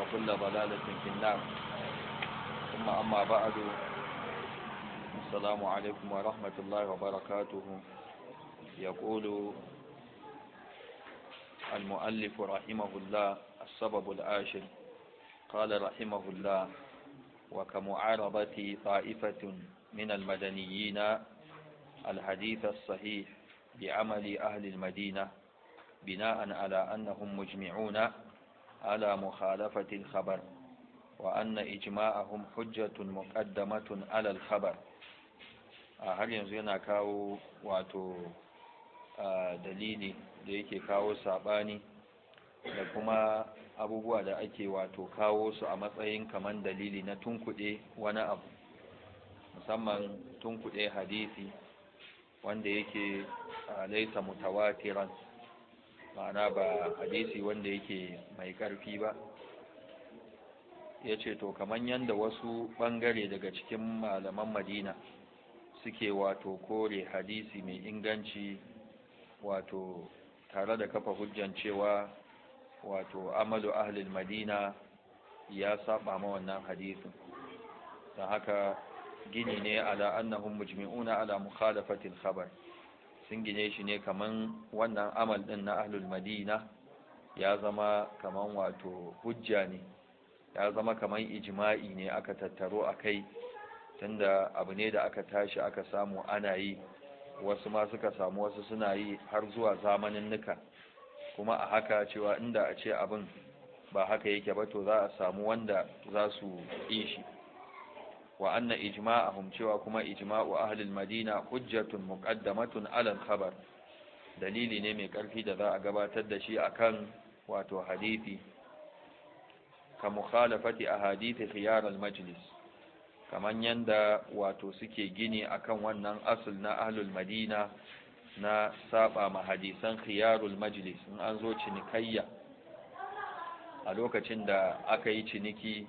وكل ضلالة في النار ثم أما بعد السلام عليكم ورحمة الله وبركاته يقول المؤلف رحمه الله السبب العاشر قال رحمه الله وكمعارضة طائفة من المدنيين الحديث الصحيح بعمل أهل المدينة بناء على أنهم مجمعون على مخالفة الخبر وأن إجماعهم حجة مقدمة على الخبر هل yana كاو واتو dalili da yake kawo saɓani da kuma abubuwa da ake wato kawo su a matsayin kaman dalili na tunkuɗe wani abu musamman tunkuɗe hadisi wanda yake laisa mutawatiran ma'ana ba hadisi wanda yake mai ƙarfi ba ya ce to kamar yadda wasu ɓangare daga cikin malaman madina suke wato kore hadisi mai inganci wato tare da kafa hujjan cewa wato amalu ahlul madina ya saba ma wannan hadisin don haka gini ne ala annahum mujmi'una ala mukhalafatil khabar sun gine shi ne kaman wannan amal din na ahlul madina ya zama kaman wato hujja ne ya zama kaman ijma'i ne aka tattaro akai tunda abu ne da aka tashi aka samu ana yi wasu ma suka samu wasu suna yi har zuwa zamanin nuka kuma a haka cewa inda a ce abin ba haka yake ba to za a samu wanda za su yi shi wa anna ijma'ahum cewa kuma ijma'u ahlul madina hujjatun muqaddamatun alal khabar dalili ne mai karfi da za a gabatar da shi akan wato hadisi ka mukhalafati ahadithi khiyar al majlis kaman yanda wato suke gini akan wannan asul na ahlul madina na saba ma hadisan khiyarul majlis in an zo cinikayya a lokacin da aka yi ciniki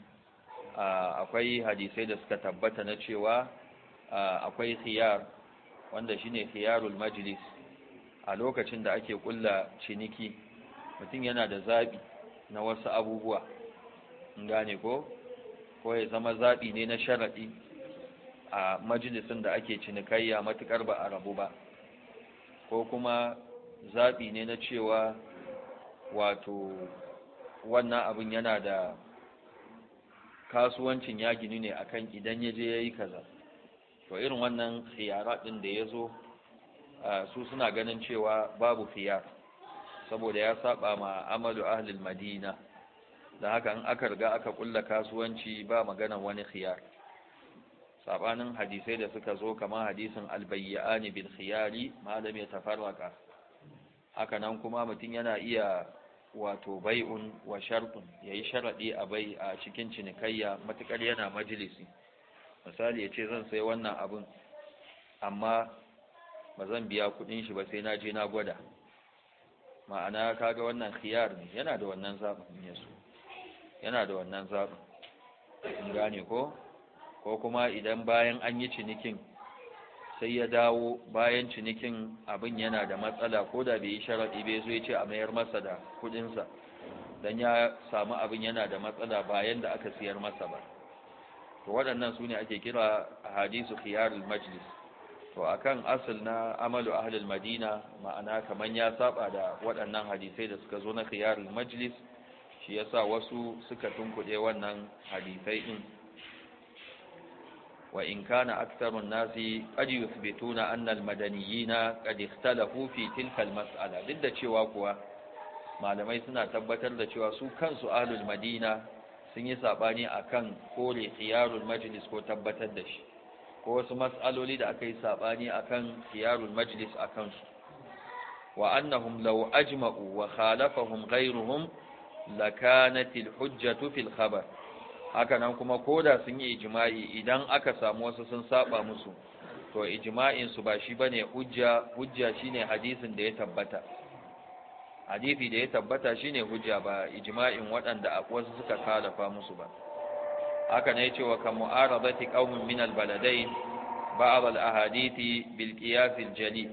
akwai hadisai da suka tabbata na cewa akwai khiyar wanda shine khiyarul majlis a lokacin da ake kulla ciniki mutum yana da zabi na wasu abubuwa gane ko ko ya zama zabi ne na sharadi a majalisin da ake cinikayya matukar ba a rabu ba ko kuma zabi ne na cewa wato wannan abin yana da kasuwancin ya gini ne akan idan ya je ya yi kaza to irin wannan khiyara ɗin da ya zo su suna ganin cewa babu khiyar saboda ya saba ma amalu ahlil madina da haka in aka riga aka kulla kasuwanci ba maganan wani khiyar sabanin hadisai da suka zo kamar hadisin albayyani bil khiyari Malami ya haka nan kuma mutum yana iya wato bai'un wa shartun yayi sharaɗi a bai a cikin cinikayya matukar yana majalisi misali yace zan sai wannan abin amma ba zan biya kuɗin shi ba sai na je na gwada ma'ana kaga wannan khiyar yana da wannan zabin ne yana da wannan zabin in gane ko ko kuma idan bayan an yi cinikin sai ya dawo bayan cinikin abin yana da matsala ko da bai yi sharaɗi bai zo ya ce a mayar masa da kudinsa don ya samu abin yana da matsala bayan da aka siyar masa ba to waɗannan su ne ake kira a hadisu khiyarul majlis to a kan asal na amalu halin madina ma'ana kamar ya saba da waɗannan hadisai da suka zo na khiyarul majlis shi yasa wasu suka tunkuɗe wannan hadisai ɗin. وإن كان أكثر الناس قد يثبتون أن المدنيين قد اختلفوا في تلك المسألة ضد شواكوا malamai suna tabbatar da cewa su kansu ahlul madina sun yi sabani akan kore khiyarul majlis ko tabbatar da shi ko wasu mas'aloli da aka yi sabani akan khiyarul majlis akan su wa annahum law ajma'u wa khalafahum ghayruhum lakanat al hujjatu fil khabar Hakanan nan kuma koda sun yi ijma'i idan aka samu wasu sun saba musu to ijma'in su ba shi bane hujja hujja shine hadisin da ya tabbata hadisi da ya tabbata shine hujja ba ijma'in waɗanda wasu suka kalafa musu ba haka ne yace wa kam mu'aradati qaumin min al-baladayn ba'd al-ahadithi bil jali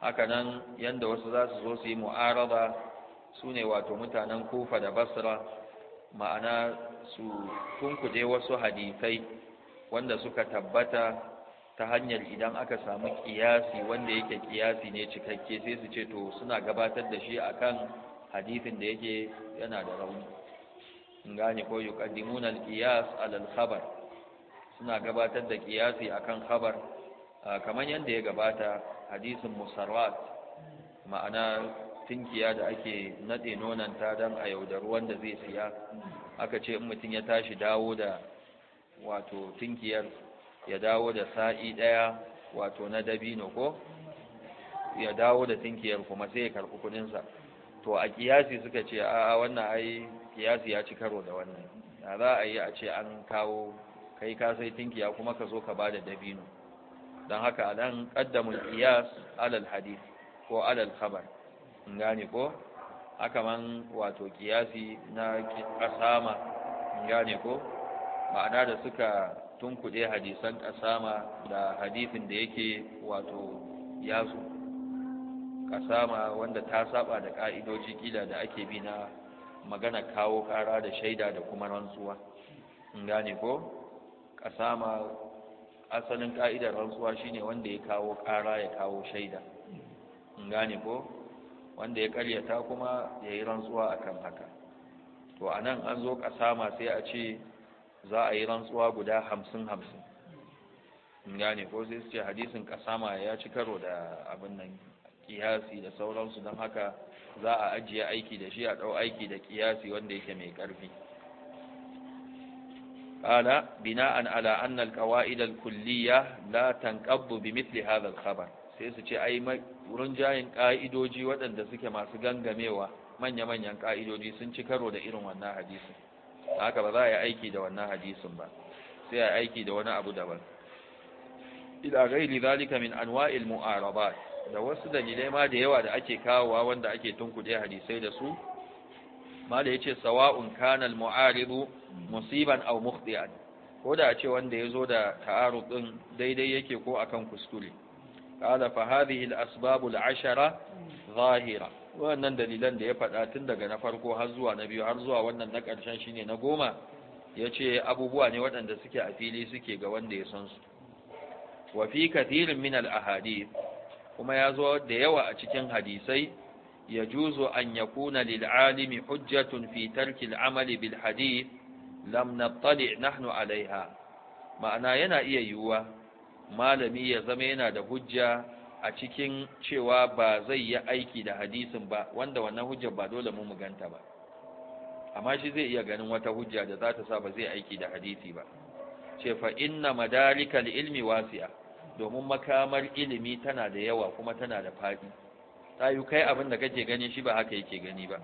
haka nan yanda wasu za su zo su yi mu'arada sune wato mutanen Kufa da Basra ma'ana su je wasu hadisai wanda suka tabbata ta hanyar idan aka samu kiyasi wanda yake kiyasi ne cikakke sai su ce to suna gabatar da shi akan hadisin da yake yana da rauni in gane ko yuqaddimuna al-qiyas ala al-khabar suna gabatar da kiyasi akan khabar ah, kamar yadda ya gabata hadisin musarrat ma'ana tinkiya da ake nade ta don a yaudar wanda zai siya aka ce in mutum ya tashi dawo da wato tinkiyar ya dawo da sa'i daya wato na dabino ko ya dawo da tinkiyar kuma sai ya karɓi kuɗinsa to a kiyasi suka ce a wannan ai kiyasi ya ci karo da wannan da za a yi a ce an kawo kai ka sai tinkiya kuma ka zo ka ba da dabino don haka a nan ƙaddamin kiyas alal hadith ko alal khabar gane ko haka man wato kiyasi na kasama gane ko ma'ana da suka tunkuɗe hadisan kasama da hadisin da yake wato yasu kasama wanda ta saba da ka'idoji kila da ake bi na magana kawo ƙara da shaida da kuma rantsuwa gane ko kasama asalin ka'idar rantsuwa shine wanda ya kawo ƙara ya kawo shaida gane ko wanda ya karyata kuma ya yi rantsuwa akan haka to a nan an zo kasama sai a ce za a yi rantsuwa guda hamsin hamsin gane ko sai su ce hadisin kasama ya ci karo da abin nan kiyasi da sauransu don haka za a ajiye aiki da shi a ɗau aiki da kiyasi wanda yake mai ƙarfi ala Bina'an على أن la الكلية bi mithli hadha al khabar sai su ce ai Wurin jayin ƙa'idoji waɗanda suke masu gangamewa manya-manyan ƙa'idoji sun ci karo da irin wannan hadisin haka ba za a yi aiki da wannan hadisin ba sai a yi aiki da wani abu daban ila ghairi zalika min anwa'il mu'arabat da wasu dalilai ma da yawa da ake kawowa wanda ake tunkuɗe hadisai da su ma da yace sawa'un kana al-mu'aridu musiban aw mukhti'an ko da a ce wanda ya zo da ta'arudin din daidai yake ko akan kuskure qala fa hadhihi al-asbab ashara zahira wannan dalilan da ya faɗa tun daga na farko har zuwa na biyu har zuwa wannan na ƙarshen shine na goma yace abubuwa ne waɗanda suke a fili suke ga wanda ya san su wa fi kathirin min al-ahadith kuma yazo da yawa a cikin hadisai an يجوز lil alimi hujjatun fi في ترك bil بالحديث lam nattali' nahnu alaiha Ma'ana yana iya yiwuwa. malami ya zama yana da hujja a cikin cewa ba zai yi aiki da hadisin ba wanda wannan hujjar ba dole mu ganta ba amma shi zai iya ganin wata hujja da za ta sa ba zai aiki da hadisi ba ce fa inna madarikal ilmi wasi'a domin makamar ilimi tana da yawa kuma tana da faɗi tayu kai abin da kake gani shi ba haka yake gani ba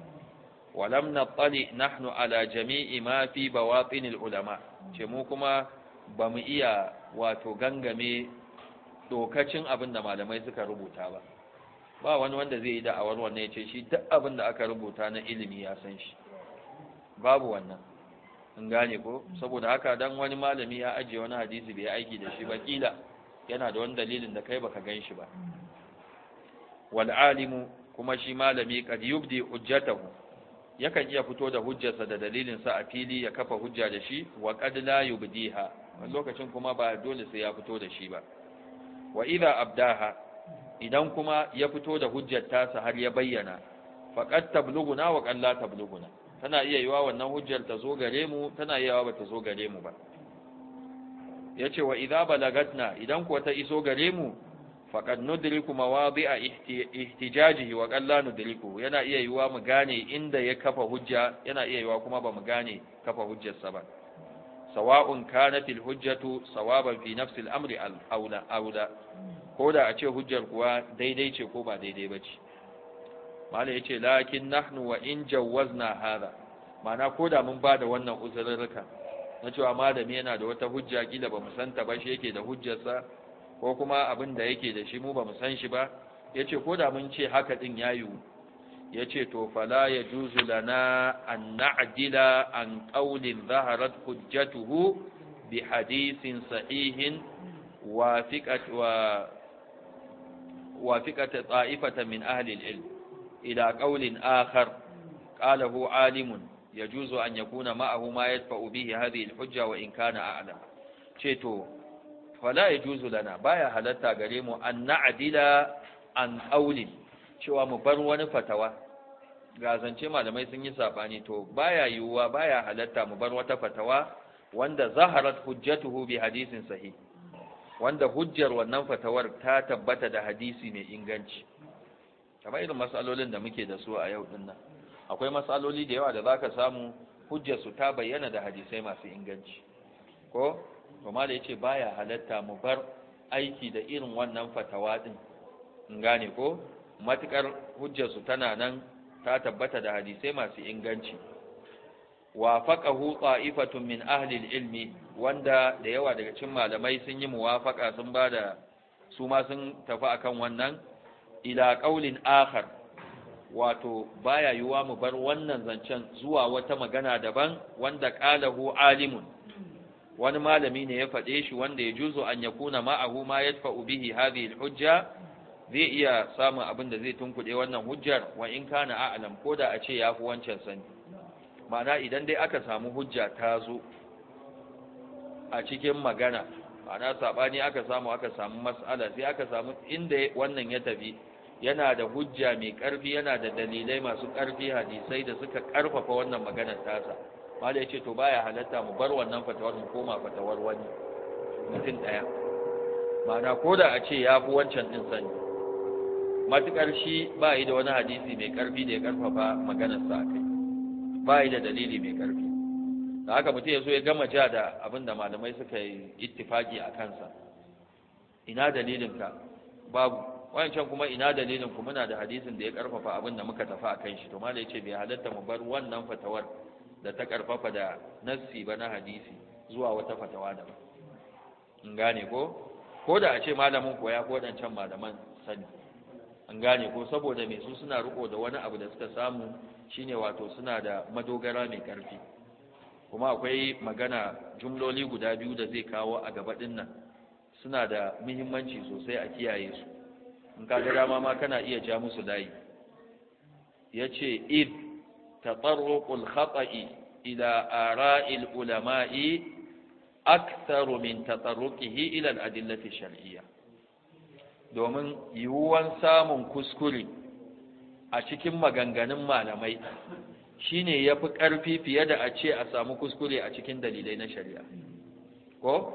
walam natali nahnu ala jami'i ma fi bawatinil ulama ce mu kuma ba mu iya wato gangame dokacin abin da malamai suka rubuta ba ba wani wanda zai yi da'awar wannan ya ce shi duk abin da aka rubuta na ilimi ya san shi babu wannan in gane ko saboda haka dan wani malami ya ajiye wani hadisi bai aiki da shi ba kila yana da wani dalilin da kai baka gan shi ba wal alimu kuma shi malami kad yubdi hujjatahu yakan iya fito da hujjarsa da dalilin sa a fili ya kafa hujja da shi wa qad la yubdiha lokacin kuma ba dole sai ya fito da shi ba wa idha abdaha idan kuma ya fito da hujjar sa har ya bayyana faqad tablughuna wa qalla tablughuna tana iya yiwa wannan hujjar ta zo gare mu tana iya yiwa bata zo gare mu ba yace wa idha balagatna idan kuwa ta iso gare mu faqad nudriku mawadi'a ihtijajihi wa qalla nudriku yana iya yiwa mu gane inda ya kafa hujja yana iya yiwa kuma ba mu gane kafa hujjarsa ba sawa'un kana fil hujjatu sawaban fi nafsi amri aula aula ko da a ce hujjar kuwa daidai ce ko ba daidai ba ce mala yace lakin nahnu wa in na hara, mana ko da mun bada wannan uzurrurka na cewa malami yana da wata hujja kila ba mu san ta shi yake da hujjarsa ko kuma abinda yake da shi mu bamu san shi ba yace ko da mun ce haka din ya yiwu yace to fala yajuzu lana an na'dila an qawlin zaharat hujjatuhu bi hadithin sahihin wa fiqat wa wa fiqat min ahli al-ilm ila qawlin akhar qala hu alimun yajuzu an yakuna ma'ahu ma yadfa'u bihi hadhihi al-hujja wa in kana a'lam ce to fala yajuzu lana baya halatta gare mu an na'dila an qawlin cewa mu bar wani fatawa ga zance malamai sun yi sabani to baya yiwuwa baya halatta mu bar wata fatawa wanda zaharat hujjatuhu bi hadisin sahi, wanda hujjar wannan fatawar ta tabbata da hadisi mai inganci kamar irin matsalolin da muke da su a yau din nan akwai matsaloli da yawa da zaka samu hujjar su ta bayyana da hadisai masu inganci ko kuma da yace baya halatta mu bar aiki da irin wannan fatawa din in gane ko matukar hujjarsu tana nan ta tabbata da hadisai masu inganci wa faqahu qa'ifatun min ahli ilmi wanda da yawa daga cikin malamai sun yi muwafaƙa sun bada su ma sun tafi akan wannan ila qaulin akhar wato baya yiwa mu bar wannan zancen zuwa wata magana daban wanda qalahu alimun wani malami ne ya faɗe shi wanda ya juzo an yakuna ma'ahu ma yadfa'u bihi hadhihi al-hujja zai iya samun abin da zai tunkuɗe wannan hujjar wa in kana a'lam ko da a ce ya fi wancan sani ma'ana idan dai aka samu hujja ta zo a cikin magana ma'ana saɓani aka samu aka samu mas'ala sai aka samu inda wannan ya tafi yana da hujja mai ƙarfi yana da dalilai masu ƙarfi hadisai da suka ƙarfafa wannan maganar tasa malai ya ce to baya halatta mu bar wannan fatawar mu koma fatawar wani mutum ɗaya ma'ana ko da a ce ya fi wancan ɗin sani matukar shi ba yi da wani hadisi mai karfi da ya karfafa maganar sa kai ba yi da dalili mai karfi da haka mutum ya zo ya gama ja da abin da malamai suka yi ittifaki a kansa ina dalilin ka babu wancan kuma ina dalilin ku muna da hadisin da ya karfafa abin da muka tafi a kan shi to malai ce bai halatta mu bar wannan fatawar da ta karfafa da nassi ba na hadisi zuwa wata fatawa da ba in gane ko ko da a ce malamin koya ko wadancan malaman sani an gane ko saboda mai su suna riko da wani abu da suka samu shine wato suna da madogara mai karfi kuma akwai magana jumloli guda biyu da zai kawo a gaba nan suna da muhimmanci sosai a kiyaye su in ka ga dama ma kana iya ja musu layi yace id tatarruqul khata'i ila ara'il ulama'i aktharu min tatarruqihi ila al-adillati shar'iyyah domin yiwuwan samun kuskure a cikin maganganun malamai shine ya fi ƙarfi fiye da a ce a samu kuskure a cikin dalilai na shari'a ko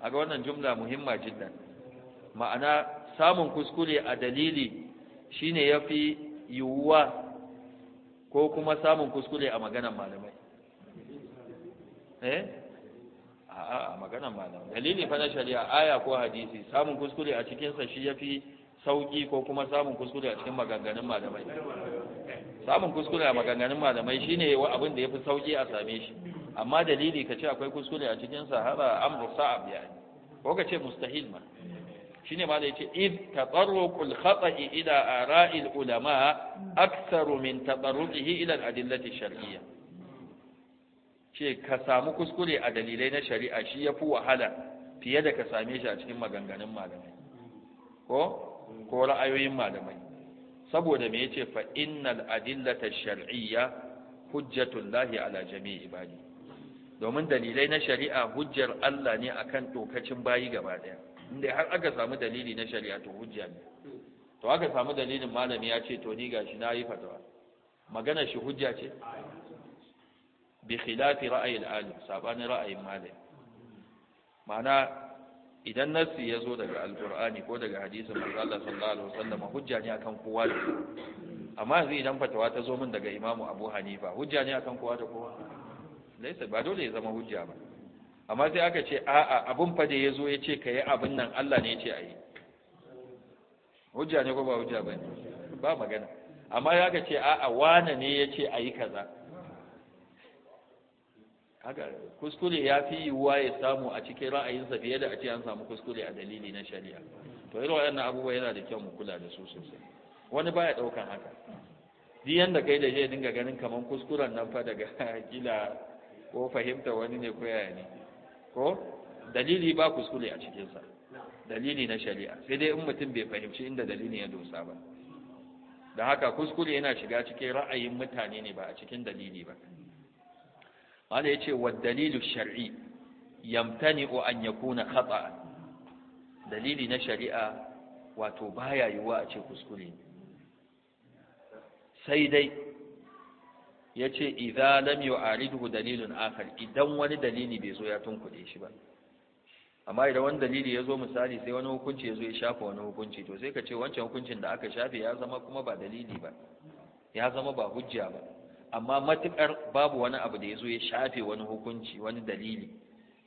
a ga wannan jumla muhimma jiddan ma'ana samun kuskure a dalili shine ya fi yiwuwa ko kuma samun kuskure a maganan malamai eh a'a maganan malam. dalili fa na shari'a aya ko hadisi samun kuskure a cikin sa shi yafi sauki ko kuma samun kuskure a cikin maganganun malamai samun kuskure a maganganun malamai shine abin da yafi sauki a same shi amma dalili kace akwai kuskure a cikin sa har amru sa'ab yani ko kace mustahil ma shine ma da yace id tatarruqul khata'i ila ara'il ulama aktharu min tatarruqihi ila al-adillati shar'iyyah ce ka samu kuskure a dalilai na shari'a shi ya fi wahala fiye da ka same shi a cikin maganganun malamai ko ko ra'ayoyin malamai saboda me yace fa innal adillata shar'iyya hujjatul lahi ala jami'i ibadi domin dalilai na shari'a hujjar Allah ne akan tokacin bayi gaba daya inda har aka samu dalili na shari'a to hujja ne to aka samu dalilin malami ya ce to ni gashi na yi fatawa magana shi hujja ce bi khilafi ra'ayil alim sabani ra'ayin malami ma'ana idan nassi ya zo daga alkur'ani ko daga hadisin manzo Allah sallallahu alaihi wasallam hujja ne akan kowa da amma yanzu idan fatawa ta zo min daga imamu Abu Hanifa hujja ne akan kowa da kowa laisa ba dole ya zama hujja ba amma sai aka ce a'a abun fa da ya zo ya ce ka yi abin nan Allah ne ya ce a yi hujja ne ko ba hujja ba ba magana amma ya ga ce a'a wane ne ya ce a yi kaza haka kuskure ya fi yiwuwa ya samu a cikin ra'ayinsa fiye da a ce an samu kuskure a dalili na shari'a to irin waɗannan abubuwa yana da kyau mu kula da su sosai wani baya ɗaukan haka duk yanda kai da zai dinga ganin kaman kuskuren nan fa daga kila ko fahimta wani ne ko yaya ne ko dalili ba kuskure a cikinsa dalili na shari'a sai dai in mutum bai fahimci inda dalili ya dosa ba da haka kuskure yana shiga cikin ra'ayin mutane ne ba a cikin dalili ba ya ce wa dalilu shar'i o an yakuna khata dalili na shari'a wato baya yiwuwa a ce kuskure sai dai yace idza lam yu'aridhu dalilun akhar idan wani dalili bai zo ya tunkuɗe shi ba amma idan wani dalili ya zo misali sai wani hukunci ya zo ya shafa wani hukunci to sai ka ce wancan hukuncin da aka shafe ya zama kuma ba dalili ba ya zama ba hujja ba amma matuƙar babu wani abu da ya zo ya shafe wani hukunci wani dalili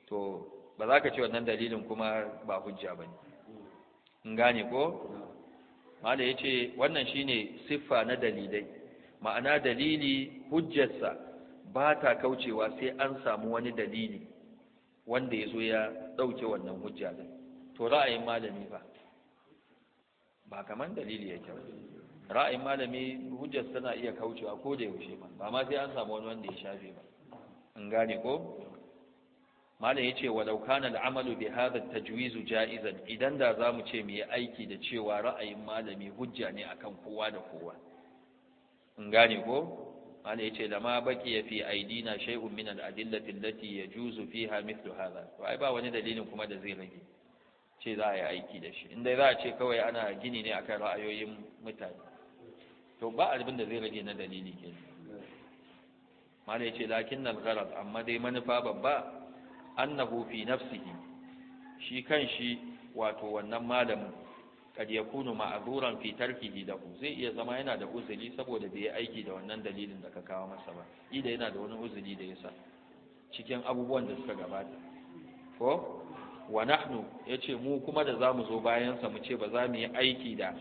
to ba za ka ce wannan dalilin kuma ba hujja ba ne in gane ko mala ya ce wannan shine siffa na dalilai ma'ana dalili hujjarsa ba ta kaucewa sai an samu wani dalili wanda ya zo ya ɗauke wannan hujja to ra'ayin malami ba ba kamar dalili ya kyau. ra'ayin malami hujjar tana iya kaucewa ko da yaushe ba ba ma sai an samu wani wanda ya shafe ba in gane ko malam yace walau kana al'amalu bi hadha tajwizu ja'izan idan da zamu ce mu yi aiki da cewa ra'ayin malami hujja ne akan kowa da kowa in gane ko malam yace baki ya fi aidina shay'un min al-adillati allati yajuzu fiha mithlu hadha to ai ba wani dalilin kuma da zai rage ce za a yi aiki da shi inda za a ce kawai ana gini ne akan ra'ayoyin mutane to ba abin da zai rage na dalili ke mala yace lakin al-gharad amma dai manufa babba annahu fi nafsihi shi kan shi wato wannan malamin kad yakunu ma'zuran fi tarkihi ku. zai iya zama yana da uzuri saboda bai aiki da wannan dalilin da ka kawo masa ba ida yana da wani uzuri da yasa cikin abubuwan da suka gabata ko wa nahnu yace mu kuma da zamu zo bayan sa mu ce ba za mu yi aiki da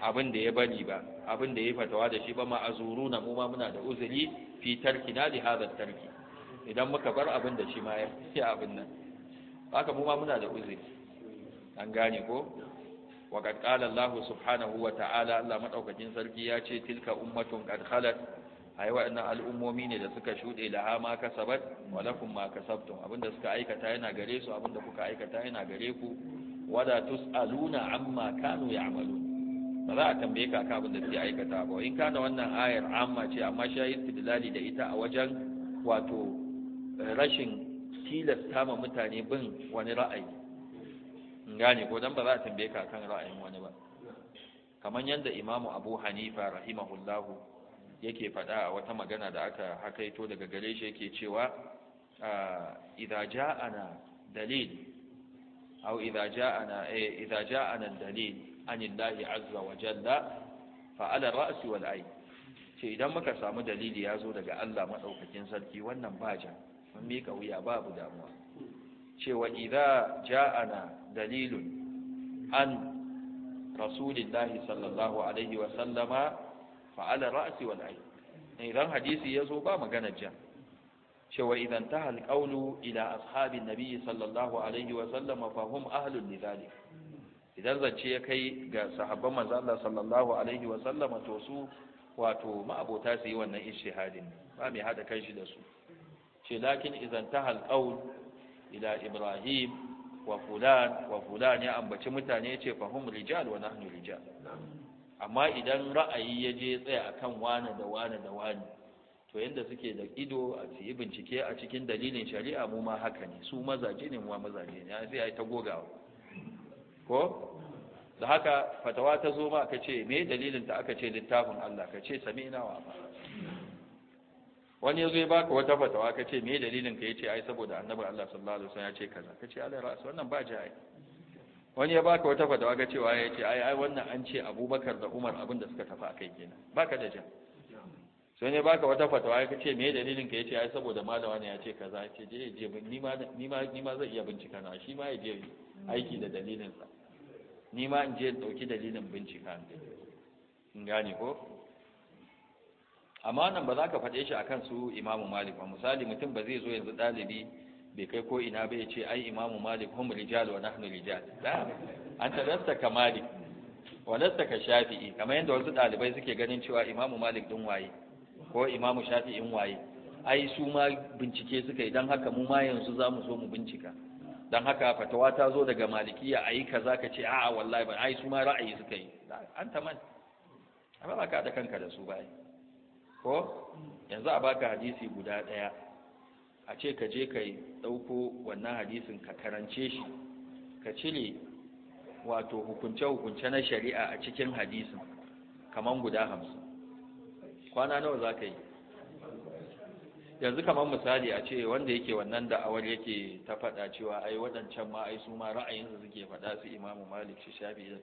abin da ya bari ba abin da ya fatawa da shi ba ma azuruna mu ma muna da uzuri fi na li tarki idan muka bar abin da shi ma ya fi abin nan haka mu ma muna da uzuri an gane ko wa qad qala Allah subhanahu wa ta'ala Allah madaukakin sarki ya ce tilka ummatun qad khalat ai wa'annan al'ummomi ne da suka shude laha ma kasabat wa lakum ma kasabtum abinda suka aikata yana gare su abinda kuka aikata yana gare ku wada tusaluna amma kanu ya'malun ba za a tambaye ka abin da suke aikata ba in kana wannan ayar amma ce amma shi ya istidlali da ita a wajen wato rashin tilasta ma mutane bin wani ra'ayi in gane ko dan ba za a tambaye ka kan ra'ayin wani ba kamar yadda imamu abu hanifa rahimahullahu yake faɗa a wata magana da aka hakaito daga gare shi yake cewa ah, idza ja'ana dalil aw idza ja'ana eh, idza ja'ana dalil anin lahi azza wa jalla fa'adar ra'asi wal ayn ce idan muka samu dalili ya zo daga Allah maɗaukakin sarki wannan ba ja mun mika wuya babu damuwa cewa idza ja'ana dalilun an rasulillahi sallallahu alaihi wa sallama fa'ala ra'asi wal ayn idan hadisi ya zo ba magana ja cewa idan ta halƙaunu ila ashabin nabi sallallahu alaihi wa sallama fahim ahlun lidalik idan zance ya kai ga sahabban manzo Allah sallallahu alaihi wa sallama to su wato ma'abota su yi wannan ishihadin ba mai hada kanshi da su ce lakin idan tahal qaul ila ibrahim wa fulan wa fulan ya ambaci mutane ya ce fahum rijal wa nahnu rijal amma idan ra'ayi ya je tsaya akan wani da wani da wani to yanda suke da ido a bincike a cikin dalilin shari'a mu ma haka ne su mazaje ne mu mazaje ne sai ai ta gogawa ko da haka fatawa ta zo ma ka ce me dalilin ta aka ce littafin Allah ka ce sami'na wa ba wani yazo ya baka wata fatawa ka ce me dalilin ka yace ai saboda annabi Allah sallallahu alaihi wasallam ya ce kaza ka ce alai ra'as wannan ba jai wani ya baka wata fatawa ga cewa ya ce ai ai wannan an ce Abubakar da Umar abin da suka tafi akai kenan baka da ja sai ne baka wata fatawa ya ce me dalilin ka yace ai saboda malama ne ya ce kaza ya ce je je ni ma ni ma ni ma zai iya bincika na shi ma ya je aiki da dalilin sa ni ma in je in ɗauki dalilin bincika in gane ko amma nan ba za ka faɗe shi akan su imamu malik ba misali mutum ba zai zo yanzu ɗalibi bai kai ko ina ba ya ce ai imamu malik hum rijal wa nahnu rijal da an tarasta ka malik wa lasta ka shafi'i kamar yadda wasu ɗalibai suke ganin cewa imamu malik din waye ko imamu shafi'in waye ai su ma bincike suka yi don haka mu ma yanzu za mu zo mu bincika dan haka fatawa ta zo daga malikiya ayi kaza ka ce a'a wallahi ba ai su ma ra'ayi suka yi an ta man amma ba ka da kanka da su ba ko yanzu a baka hadisi guda ɗaya. a ce ka je ka dauko wannan hadisin ka karance shi ka cire wato hukunce hukunce na shari'a a cikin hadisin kaman guda hamsin kwana nawa za ka yi yanzu kamar misali a ce wanda yake wannan da'awar yake ta faɗa cewa ai waɗancan ma ai su ma ra'ayinsu suke faɗa su imamu malik shi shafi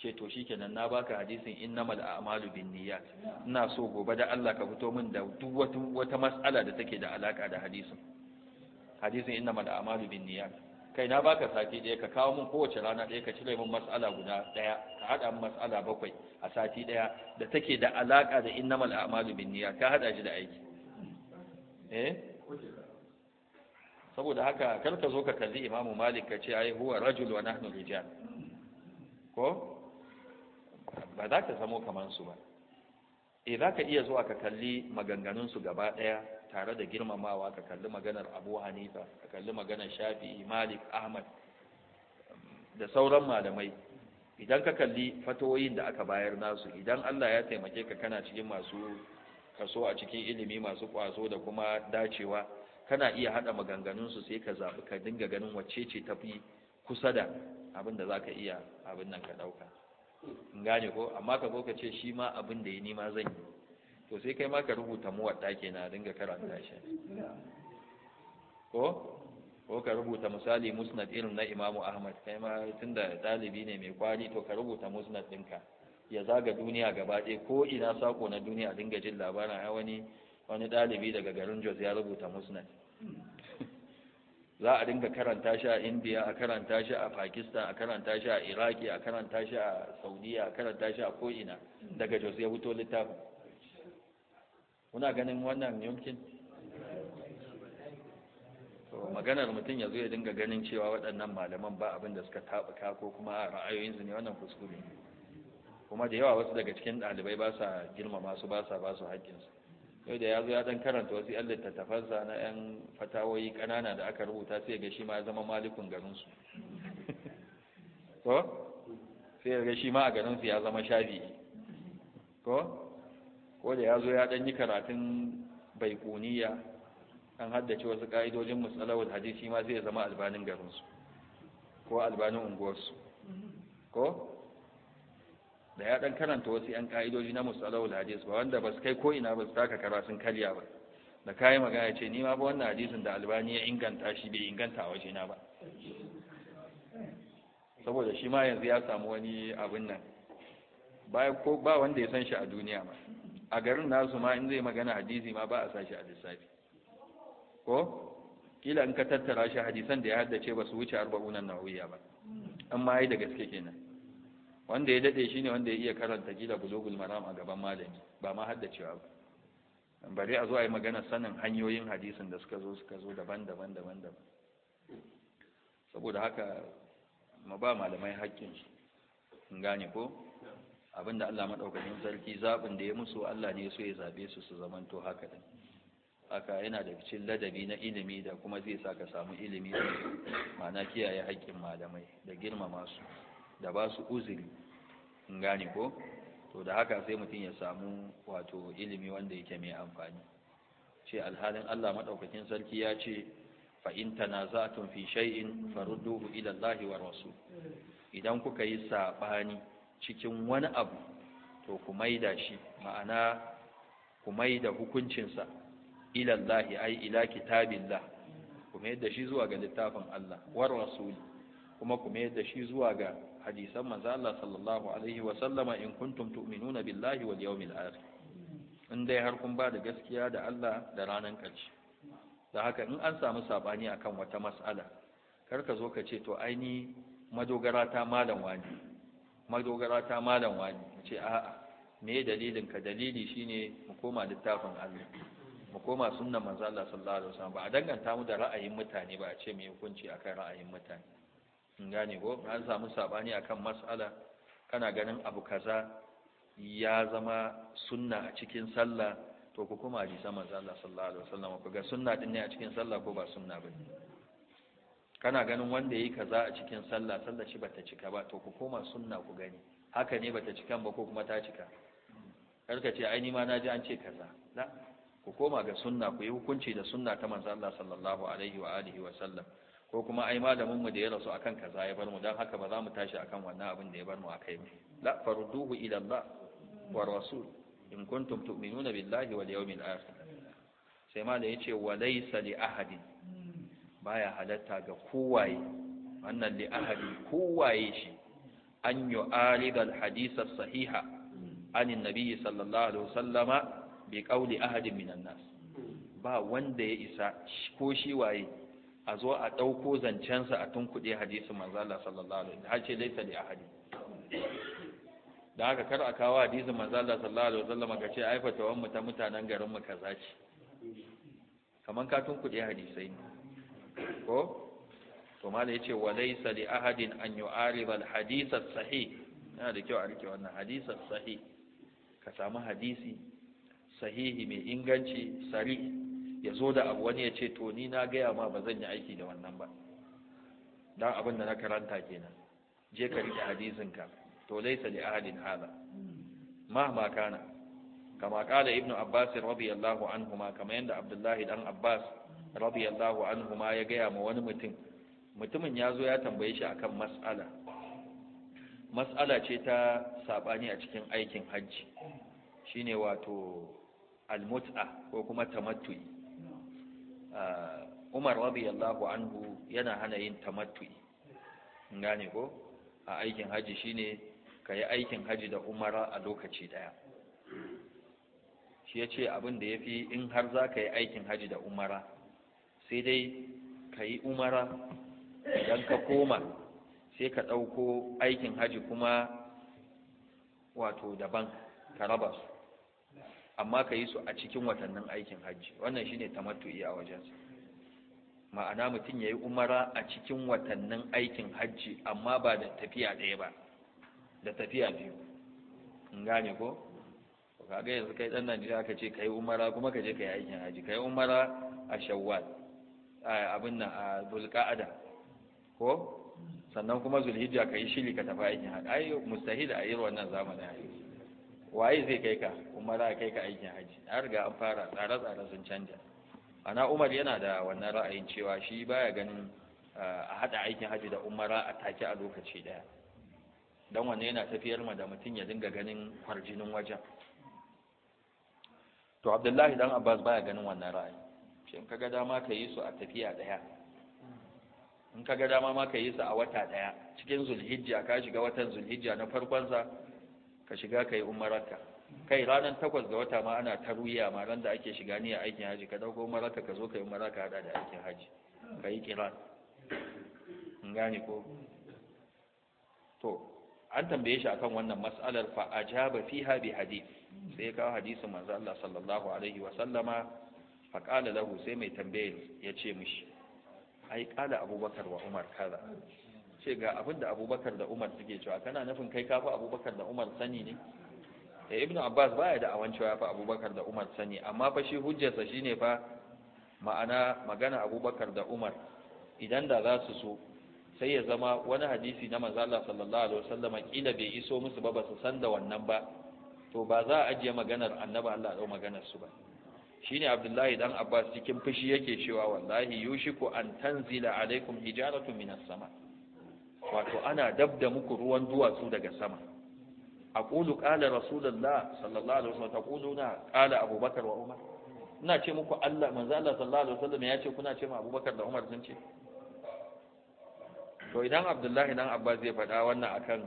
ce to shikenan na baka hadisin innamal a'malu niyyat ina so gobe da Allah ka fito min da duk wata wata mas'ala da take da alaka da hadisin hadisin innamal a'malu niyyat kai na baka sati ɗaya ka kawo min kowace rana ɗaya ka cire min mas'ala guda ɗaya ka haɗa min mas'ala bakwai a sati ɗaya da take da alaka da innamal a'malu niyyat ka haɗa shi da aiki eh saboda haka kar ka zo ka kalli imamu malik ka ce ai huwa rajul wa nahnu rijal ko ba za ka zamo kamar su ba e za ka iya zuwa ka kalli maganganun su gaba daya tare da girmamawa ka kalli maganar abu hanifa ka kalli maganar shafi'i malik ahmad da sauran malamai idan ka kalli fatoyin da aka bayar nasu idan allah ya taimake ka kana cikin masu kaso a cikin ilimi masu kwazo da kuma dacewa kana iya hada maganganun su sai ka zabi ka dinga ganin wacce ce tafi kusa da abin da zaka iya abin nan ka dauka in gane ko amma ka zo ka ce shi ma abin da yi ni ma zan yi to sai kai ma ka rubuta mu wadda kenan dinga karanta shi ko ko ka rubuta misali musnad irin na Imam Ahmad kai ma tunda dalibi ne mai kwali to ka rubuta musnad ɗinka ya zaga duniya gaba ɗaya ko ina sako na duniya dinga jin labarin ai wani wani ɗalibi daga garin Jos ya rubuta musnad za a dinga karanta shi a India a karanta shi a Pakistan a karanta shi a Iraki a karanta shi a Saudi a karanta shi a ko ina daga Jos ya fito littafin kuna ganin wannan yankin maganar mutum ya zo ya dinga ganin cewa waɗannan malaman ba abin da suka taɓuka ko kuma ra'ayoyinsu ne wannan kuskure kuma da yawa wasu daga cikin ɗalibai ba sa girmama su ba sa ba su haƙƙinsu yau da ya zo ya ɗan karanta wasu yan littattafansa na yan fatawoyi ƙanana da aka rubuta sai ga shi ma ya zama malikun garinsu ko sai ga shi ma a garinsu ya zama shafi'i ko ko da ya zo ya ɗan yi karatun baikuniya an haddace wasu ƙa'idojin musalawul hadisi ma sai ya zama albanin garinsu ko albanin unguwarsu ko da ya dan karanta wasu yan ka'idoji na musalahul hadis ba wanda ba su kai ko ina ba su taka kara sun karya ba da kai magana ce ni ma ba wannan hadisin da albani ya inganta shi bai inganta a waje na ba saboda shi ma yanzu ya samu wani abin nan ba ko ba wanda ya san shi a duniya ma a garin nasu ma in zai magana hadisi ma ba a sashi a lissafi ko kila in ka tattara shi hadisan da ya haddace ba su wuce arba'unan nawiya ba amma ai da gaske kenan wanda ya dade shine wanda ya iya karanta gida bulugul maram a gaban malami ba ma cewa ba bari a zo a yi magana sanin hanyoyin hadisin da suka zo suka zo daban-daban daban-daban saboda haka ma ba malamai haƙƙin su in gane ko abinda Allah madaukakin sarki zabin da ya musu Allah ne so ya zabe su su zamanto haka din haka yana da cikin ladabi na ilimi da kuma zai sa ka samu ilimi ma'ana kiyaye haƙƙin malamai da girmama su da ba su uzuri in gane ko to da haka sai mutum ya samu wato ilimi wanda yake mai amfani ce alhalin Allah madaukakin sarki ya ce fa in tanaza'tum fi shay'in farudduhu ila Allah wa rasul idan kuka yi sabani cikin wani abu to ku maida shi ma'ana ku maida hukuncinsa ila Allah ai ila kitabillah ku maida shi zuwa ga littafin Allah wa rasul kuma ku yadda da shi zuwa ga hadisan manzo Allah sallallahu alaihi wa sallama in kuntum tu'minuna billahi wal yawmil akhir in dai har kun ba da gaskiya da Allah da ranan ƙarshe da haka in an samu sabani akan wata mas'ala kar ka zo ka ce to aini madogara ta malam wani madogara ta malam wani ce a'a me dalilin ka dalili shine mu koma littafin Allah mu koma sunnan manzo Allah sallallahu alaihi wa sallam. ba a danganta mu da ra'ayin mutane ba a ce me hukunci akan ra'ayin mutane gane ko an samu sabani akan mas'ala kana ganin abu kaza ya zama sunna a cikin sallah to ku kuma sama da Allah sallallahu alaihi wasallam ku ga sunna din ne a cikin sallah ko ba sunna bane kana ganin wanda yayi kaza a cikin sallah sallar shi bata cika ba to ku koma sunna ku gani haka ne bata cikan ba ko kuma ta cika karka ce ai ni ma naji an ce kaza da ku koma ga sunna ku yi hukunci da sunna ta manzo Allah sallallahu alaihi wa alihi wa sallam ko kuma ai malamin mu da ya rasu akan kaza ya bar mu dan haka ba za mu tashi akan wannan abin da ya bar mu akai ba la farduhu ila Allah wa rasul in kuntum tu'minuna billahi wal yawmil akhir sai malam yace wa laysa li ahadin baya halatta ga kowaye wannan li ahadin kowaye shi an yu'arida al hadith as sahiha an annabi sallallahu alaihi wasallama bi qawli ahadin minan nas ba wanda ya isa ko shi waye a zo a ɗauko zancensa a tunkuɗe hadisi manzo Allah sallallahu alaihi wasallam har ce laisa li ahadi da haka kar a kawo hadisin manzo Allah sallallahu alaihi wasallam ka ce ai fatawan mu ta mutanen garin mu kaza ce kaman ka tunkuɗe hadisai ne ko to mala yace wa laisa li ahadin an yu'arib al hadith as sahih yana da kyau a rike wannan hadith as sahih ka samu hadisi sahihi mai inganci sari ya zo da abu wani ya ce to ni na gaya ma ba zan yi aiki da wannan ba dan abin da na karanta kenan je ka riƙe hadisinka to laysa li ahadin hada ma kana kama kala ibnu abbas radiyallahu anhuma kama yanda abdullahi dan abbas radiyallahu anhuma ya gaya ma wani mutum mutumin ya zo ya tambaye shi akan mas'ala mas'ala ce ta sabani a cikin aikin hajji shine wato almut'a ko kuma tamattu'i Ah, Umar radiyallahu anhu yana hana yin tamattu'i gane ko a aikin haji shine kayi aikin haji da umara a lokaci ɗaya. shi yace abin da yafi in har za ka yi aikin haji da umara sai dai ka yi umara idan ka koma sai ka ɗauko aikin haji kuma wato daban ka raba su amma ka yi su a cikin watannin aikin hajji wannan shi ne tamattu'i a wajensa ma'ana mutum ya yi umara a cikin watannin aikin hajji amma ba da tafiya ɗaya ba da tafiya biyu in gane ko kaga yanzu kai dan Najeriya ka ce ka yi umara kuma ka je yi aikin ka kai umara a Shawwal abin nan a zulka'ada ko sannan kuma Zulhijja yi shiri ka tafi aikin hajji ai mustahil a yi wannan zamanin ai waye zai kai ka kuma za a kai ka aikin haji an riga an fara tsare-tsare sun canja ana umar yana da wannan ra'ayin cewa shi baya ganin eh, a haɗa aikin haji da umara a take a lokaci ɗaya Dan wanne yana tafiyar ma da mutum ya dinga ganin kwarjinin wajen to abdullahi dan abbas baya ganin wannan ra'ayi shin kaga dama ka yi su a tafiya ɗaya in kaga dama ma ka yi su a wata ɗaya cikin zulhijja ka shiga watan zulhijja na farkon sa? ka shiga ka yi umararka kai ranar takwas ga wata ma ana taruya ma ran da ake shiga a aikin haji ka dauko umararka ka zo ka yi umararka hada da aikin haji ka yi kiran in gane ko to an tambaye shi akan wannan mas'alar fa ajaba fiha bi hadith sai kawo hadisin manzo Allah sallallahu alaihi wa sallama fa qala lahu sai mai tambayar ya ce mishi ai qala abubakar wa umar kaza ce ga abin da abubakar da umar suke cewa kana nufin kai kafa abubakar da umar sani ne eh, da ibnu abbas baya da awan cewa fa abubakar da umar sani amma fa shi hujjarsa shine fa ma'ana magana abubakar da umar idan da za su so sai ya zama wani hadisi na manzo Allah sallallahu alaihi wasallam kila bai iso musu ba ba su san da wannan ba to ba za a ajiye maganar annabi Allah dau maganar su ba shine Abdullahi dan Abbas cikin fushi yake cewa wallahi yushiku an tanzila alaikum hijaratun minas sama' wato ana dabda muku ruwan duwatsu daga sama A aqulu qala rasulallah sallallahu alaihi wasallam na ƙala abubakar wa umar ina ce muku Allah manzo Allah sallallahu alaihi wasallam ya ce kuna ce ma abubakar da umar sun ce to idan abdullahi dan abbas zai faɗa wannan akan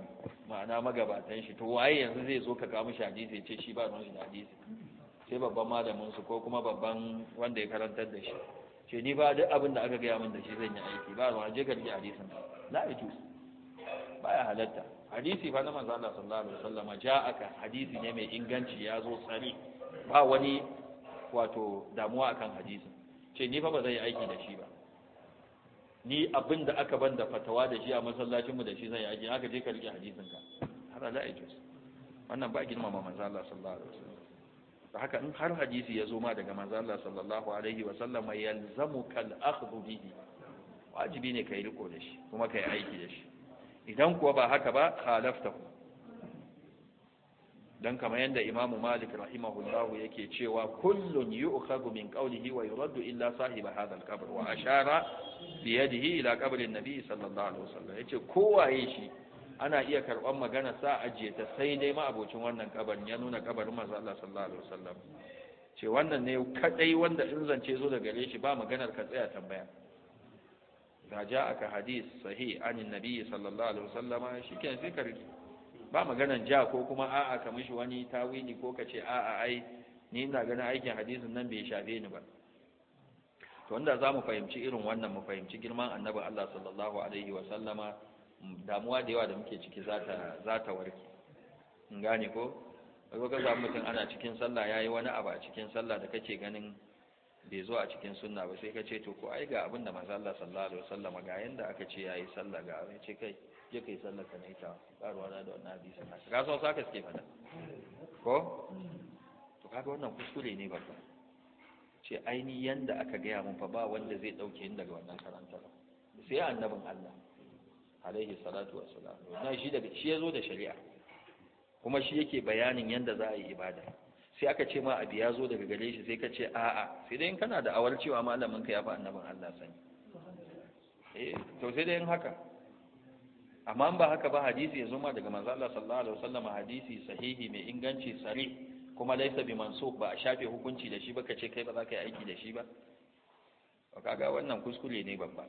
ma'ana magabatan shi to waye yanzu zai zo ka ga shi hadisi ya ce shi ba ruwan shi hadisi sai babban malamin su ko kuma babban wanda ya karantar da shi ce ni ba duk abin da aka gaya min da shi zan yi aiki ba ruwa je ka rike hadisin la ya Ba ya halatta hadisi fa na manzo Allah sallallahu alaihi wasallama ja'aka hadisi ne mai inganci ya zo tsari ba wani wato damuwa akan hadisin ce ni fa ba zan yi aiki da shi ba ni abin da aka ban da fatawa da shi a masallacin mu da shi zan yi aiki haka je ka rike hadisin ka har la ya juzu wannan ba girmama manzo Allah sallallahu alaihi wasallam da haka in har hadisi ya zo ma daga manzo sallallahu alaihi wa mai yalzamuka al-akhdhu bihi wajibi ne kai riko da shi kuma kai aiki da shi idan kuwa ba haka ba khalaftahu dan kamar yanda Imam Malik rahimahullahu yake cewa kullun yu'khadhu min qawlihi wa yuraddu illa sahib hadha al-qabr wa ashara bi yadihi ila qabri an-nabi sallallahu alaihi wasallam yace kowaye shi ana iya karɓar magana sa ajiye ta sai dai ma abocin wannan kabarin ya nuna kabarin manzo Allah sallallahu alaihi wasallam ce wannan ne kadai wanda in zance zo da gare shi ba maganar ka tsaya tambaya da aka hadis sahih anin nabi sallallahu alaihi wasallam shikenan sai ka rike ba maganar ja ko kuma a'a ka mishi wani tawili ko ka ce a'a ai ni ina ganin aikin hadisin nan bai shafe ni ba to wanda za mu fahimci irin wannan mu fahimci girman annabi Allah sallallahu alaihi wasallama damuwa da yawa da muke ciki za ta warke in gane ko ko ka samu mutum ana cikin sallah ya yi wani abu a cikin sallah da kake ganin bai zo a cikin sunna ba sai ka ce to ko ai ga abin da manzo Allah sallallahu alaihi wasallam ga yanda aka ce yayi sallah ga abin ce kai je kai sallah ka nita ta karuwa na da wannan hadisi ka so saka suke fada ko to kaga wannan kuskure ne babba ce aini yanda aka gaya mun fa ba wanda zai dauke ni daga wannan karanta sai annabin Allah alaihi salatu wa salam. na shi daga shi yazo da shari'a kuma shi yake bayanin yanda za a yi ibada sai aka ce ma abi yazo daga gare shi sai ka ce a'a sai dai kana da awar cewa malamin ka ya fi annabin Allah sani eh to sai dai in haka amma ba haka ba hadisi ya ma daga manzo Allah sallallahu alaihi wasallam hadisi sahihi mai inganci sari kuma laisa bi mansub ba a shafe hukunci da shi ba ka ce kai ba za ka yi aiki da shi ba kaga wannan kuskure ne babba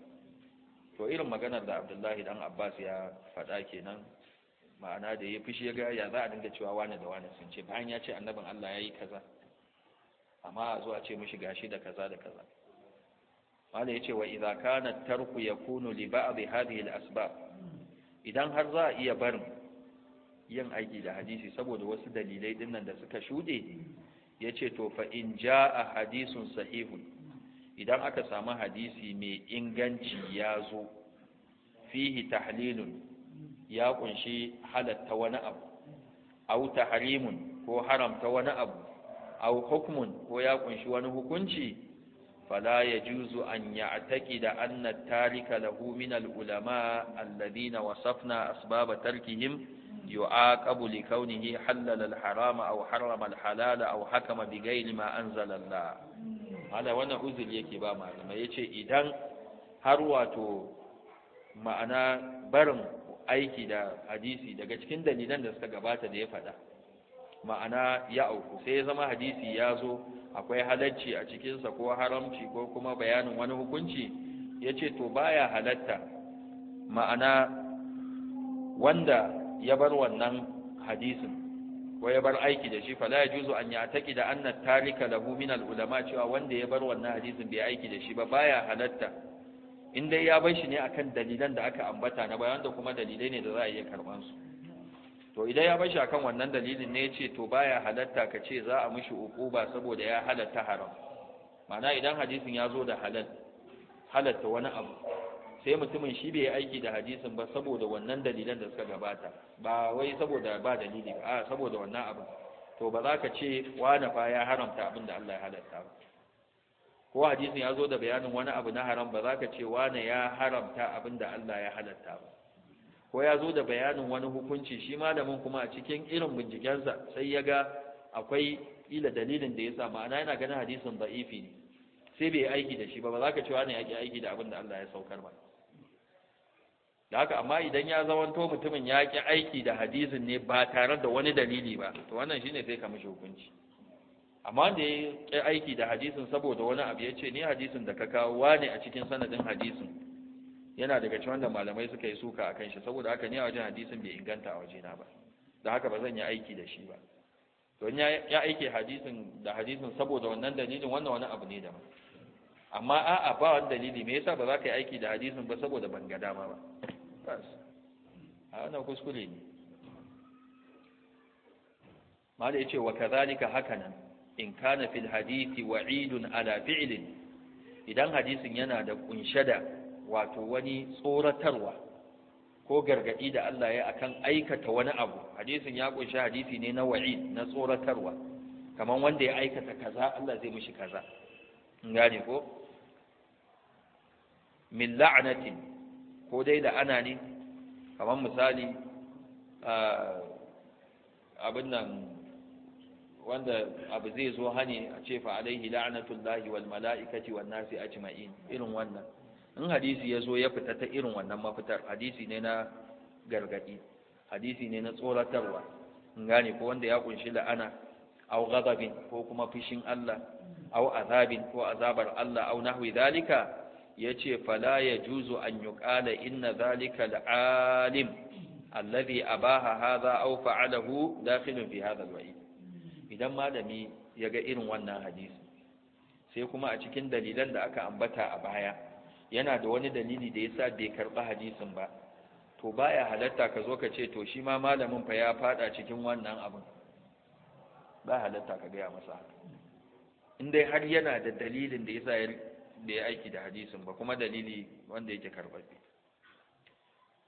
to irin maganar da abdullahi dan abbas ya faɗa kenan ma'ana da ya fushi ya ga ya za a dinga cewa wane da wane sun ce bayan ya ce annabin allah ya yi kaza amma a zuwa ce mishi gashi da kaza da kaza wanda ya ce wa idza ya tarku yakunu li ba'd da al-asbab idan har za a iya barin yin aiki da hadisi saboda wasu dalilai dinnan da suka shude yace to fa in a hadisun sahihun idan aka samu hadisi mai inganci ya zo fihi tahlilun ya kunshi halatta wani abu au tahrimun ko haramta wani abu au hukmun ko ya kunshi wani hukunci fala yajuzu an ya'taqida anna talika lahu min al-ulama alladhina wasafna asbab tarkihim يعاقب لكونه حلل الحرام أو حرم الحلال أو حكم بغير ما أنزل الله mala wannan uzuri yake ba malamai yace idan har wato ma'ana barin aiki da hadisi daga cikin dalilan da suka gabata da ya faɗa ma'ana ya auku sai ya zama hadisi ya zo akwai halacci a cikinsa ko haramci ko kuma bayanin wani hukunci ya ce to baya halatta ma'ana wanda ya bar wannan hadisin ko ya bar aiki da shi fala yajuzu an ya'taqi da anna tarika lahu min al-ulama cewa wanda ya bar wannan hadisin bai aiki da shi ba baya halatta in dai ya bar shi ne akan dalilan da aka ambata na bayan da kuma dalilai ne da za a iya karban su to idan ya bar shi akan wannan dalilin ne ce to baya halatta ka ce za a mishi ukuba saboda ya halatta haram ma'ana idan hadisin ya zo da halal halatta wani abu sai mutumin shi bai aiki da hadisin ba saboda wannan dalilan da suka gabata ba wai saboda ba dalili ba a saboda wannan abin to ba za ka ce wani fa ya haramta abin da Allah ya halatta ba ko hadisin ya zo da bayanin wani abu na haram ba za ka ce wani ya haramta abin da Allah ya halatta ba ko ya zo da bayanin wani hukunci shi malamin kuma a cikin irin bincikensa sai ya ga akwai ila dalilin da ya sa ma'ana yana ganin hadisin da'ifi ne sai bai aiki da shi ba ba za ka ce wani ya aiki da abin da Allah ya saukar ba da haka amma idan ya zamanto mutumin ya ƙi aiki da hadisin ne ba tare da wani dalili ba to wannan shine sai ka mishi hukunci amma da ya ƙi aiki da hadisin saboda wani abu ya ce ni hadisin da ka kawo wane a cikin sanadin hadisin yana daga cikin wanda malamai suka yi suka a kan shi saboda haka ni a wajen hadisin bai inganta a wajena ba da haka ba zan yi aiki da shi ba don ya aike hadisin da hadisin saboda wannan dalilin wannan wani abu ne da amma a'a ba wani dalili me yasa ba za ka yi aiki da hadisin ba saboda ban ga dama ba kansa a wannan kuskure ne mala yace wa kadhalika hakanan in kana fil hadisi wa'idun ala fi'lin idan hadisin yana da kunshe da wato wani tsoratarwa ko gargadi da Allah ya akan aikata wani abu hadisin ya kunshi hadisi ne na wa'id na tsoratarwa kaman wanda ya aikata kaza Allah zai mishi kaza In gane ko min la'natin ko dai da ana ne kamar misali abin nan wanda abu zai zo hane a ce fa alaihi la'natullahi wal mala'ikati wan nasi ajma'in irin wannan in hadisi ya zo ya fita ta irin wannan mafitar hadisi ne na gargadi hadisi ne na tsoratarwa in gane ko wanda ya kunshi la'ana aw ghadabin ko kuma fishin Allah aw azabin ko azabar Allah aw nahwi dalika yace fala yajuzu an yuqala inna zalika al-alim alladhi abaha hadha aw fa'alahu dakhilun fi hadha al idan malami yaga irin wannan hadisi sai kuma a cikin dalilan da aka ambata a baya yana da wani dalili da yasa bai karba hadisin ba to baya halatta ka zo ka ce to shi ma malamin fa ya fada cikin wannan abin ba halatta ka gaya masa in dai har yana da dalilin da yasa ya aiki da hadisin ba kuma dalili wanda yake karbabe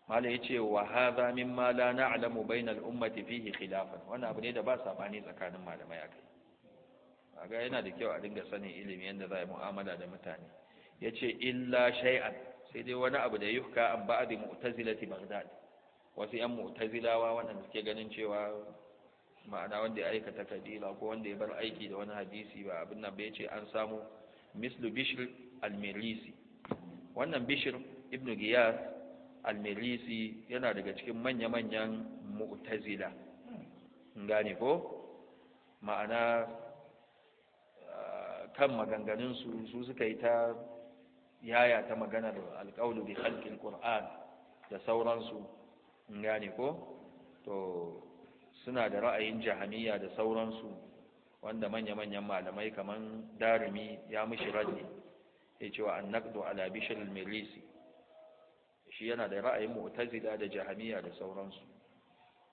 mala yace wa hadha mimma la na'lamu bainal ummati fihi khilafan wannan abu ne da ba sabani tsakanin malamai akai kaga yana da kyau a dinga sanin ilimi yanda za a yi mu'amala da mutane yace illa shay'an sai dai wani abu da yuhka an ba'di mu'tazilati baghdad wasu yan mu'tazilawa wannan suke ganin cewa ma'ana wanda ya aikata kabila ko wanda ya bar aiki da wani hadisi ba abin nan ba yace an samu mislu bishr al wannan Bishir ibnu Giyas Almirisi yana daga cikin manya-manyan Mu'tazila gane ko ma'ana ah, kan maganganun su suka yi ta yaya ta maganar alƙawlu bi khalqil da sauransu gane ko to suna da ra'ayin jahamiya da sauransu wanda manya-manyan malamai kamar darumi ya mushi raddi ya cewa annaqdu ala bishr milisi shi yana da ra'ayin mu'tazila da jahamiya da sauransu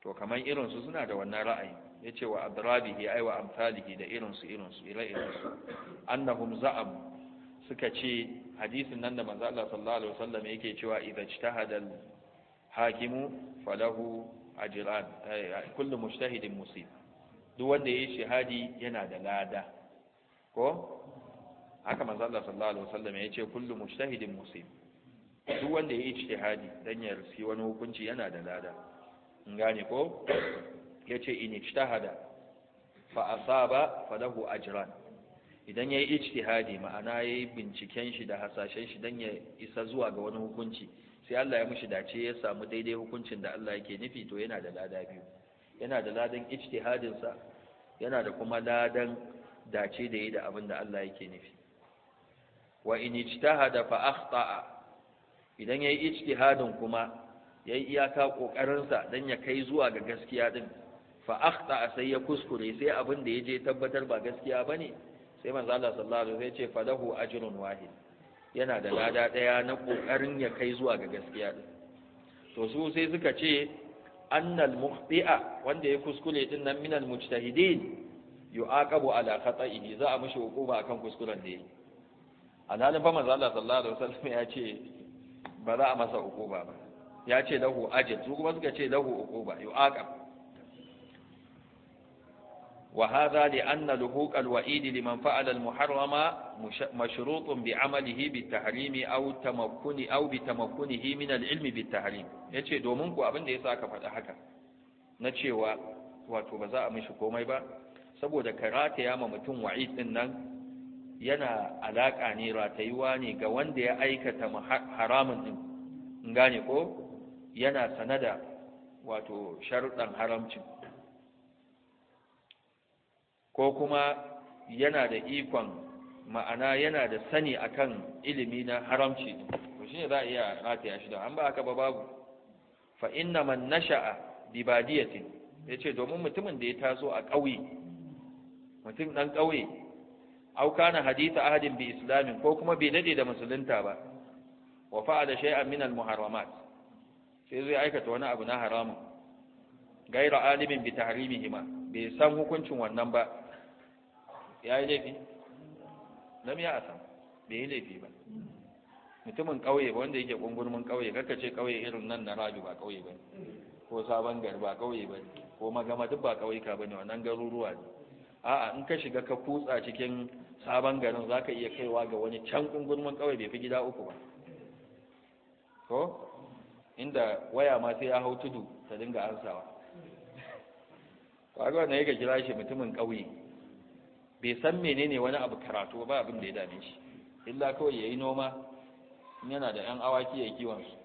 to kamar irin su suna da wannan ra'ayi ce wa adrabihi ay wa amsalihi da irinsu, irinsu, irin irinsu. ila annahum za'am suka ce hadisin nan da manzo Allah sallallahu alaihi wasallam yake cewa idza ijtahada al-hakimu falahu ajran kullu mujtahidin musib duk wanda yayi shahadi yana da lada ko haka manzo Allah sallallahu alaihi wasallam ya ce kullu mujtahidin musib duk wanda ya yi ijtihadi dan ya riski wani hukunci yana da lada in gane ko yace in ijtahada fa asaba falahu ajran idan yayi yi ijtihadi ma'ana yayi binciken shi da hasashen shi dan ya isa zuwa ga wani hukunci sai Allah ya mishi dace ya samu daidai hukuncin da Allah yake nufi to yana da lada biyu yana da ladan sa yana da kuma ladan dace da yi da abin da Allah yake nufi wa in ijtahada fa akhta idan yayi ijtihadin kuma yayi iyaka kokarin sa dan ya kai zuwa ga gaskiya din fa akhta sai ya kuskure sai abin da yaje tabbatar ba gaskiya bane sai manzo Allah sallallahu alaihi wasallam ya ce falahu ajrun wahid yana da lada daya na kokarin ya kai zuwa ga gaskiya din to su sai suka ce annal muqti'a wanda ya kuskure din nan minal mujtahidin yu'aqabu ala khata'ihi za a mishi hukuma akan kuskuren da yake alhalin fa manzo Allah sallallahu alaihi wasallam ya ce ba za a masa ukuba ba ya ce lahu ajin su kuma suka ce lahu ukuba yu'aqab wa hadha li anna luhuq al-wa'id liman fa'ala al-muharrama mashrutun bi amalihi bi tahrimi aw tamakkuni aw bi tamakkunihi min al-ilm bi tahrim yace domin ku abin da yasa aka faɗa haka na cewa wato ba za a mishi komai ba saboda karata ya ma mutum wa'id din nan yana alaƙa ne ratayuwa ne ga wanda ya aikata haramun din in gane ko yana sanada wato sharuɗan haramcin ko kuma yana da ikon ma'ana yana da sani akan ilimi na haramci to shine za a iya rataya shi da an ba aka ba babu fa inna man nasha'a bi badiyatin yace domin mutumin da ya taso a ƙauye mutum dan ƙauye aw kana haditha ahadin bi islamin ko kuma bai dade da musulunta ba wa fa'ala shay'an min al muharramat sai zai aikata wani abu na haramun gaira alimin bi ma bai san hukuncin wannan ba yayi laifi Na ya asam bai yi laifi ba mutumin kauye ba wanda yake gungurmin kauye kaka ce kauye irin nan na raju ba kauye ba ko sabon gari ba kauye ba ko magama duk ba kauyuka ba ne wannan garuruwa ne a'a in ka shiga ka kutsa cikin sabon garin za ka iya kaiwa ga wani can kungurmin kawai bai fi gida uku ba ko inda waya ma sai ya hau tudu ta dinga ansawa faruwa na yaga jira shi mutumin ƙauye bai san menene wani abu karatu ba abin da ya dame shi illa kawai ya yi noma yana da 'yan awaki ya yi su.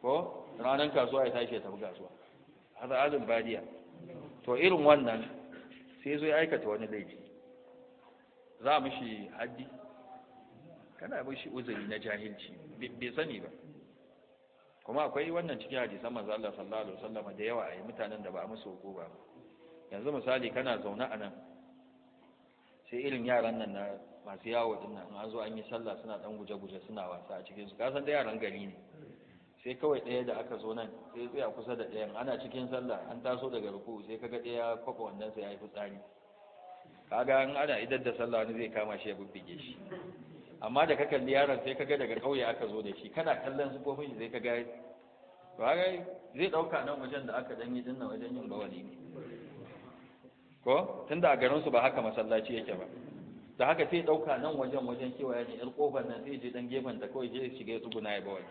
ko ranar kasuwa ya tashi ya tafi kasuwa hada azin badiya to irin wannan sai zo ya aikata wani laifi za mu shi haddi kana mu shi uzuri na jahilci bai sani ba kuma akwai wannan cikin hadisan manzo Allah sallallahu alaihi wasallam da yawa ai mutanen da ba musu hukuma ba yanzu misali kana zaune a nan sai irin yaran nan na masu yawo dinnan an zo an yi sallah suna dan guje-guje suna wasa a cikin su kasan da yaran gari ne sai kawai ɗaya da aka zo nan sai a kusa da ɗayan ana cikin sallah an taso daga ruku sai kaga ɗaya kwafa wannan sai ya yi fitsari kaga in ana idar da sallah wani zai kama shi ya bubbige shi amma da ka kalli yaron sai kaga daga ƙauye aka zo da shi kana kallon su kofin shi sai kaga to haka zai ɗauka nan wajen da aka ɗan yi dinnan wajen yin bawali ne ko tunda a garin su ba haka masallaci yake ba da haka sai ɗauka nan wajen wajen kewaya ne ƴar ƙofar nan sai je ɗan gefen da kawai je shiga ya tsuguna ya bawali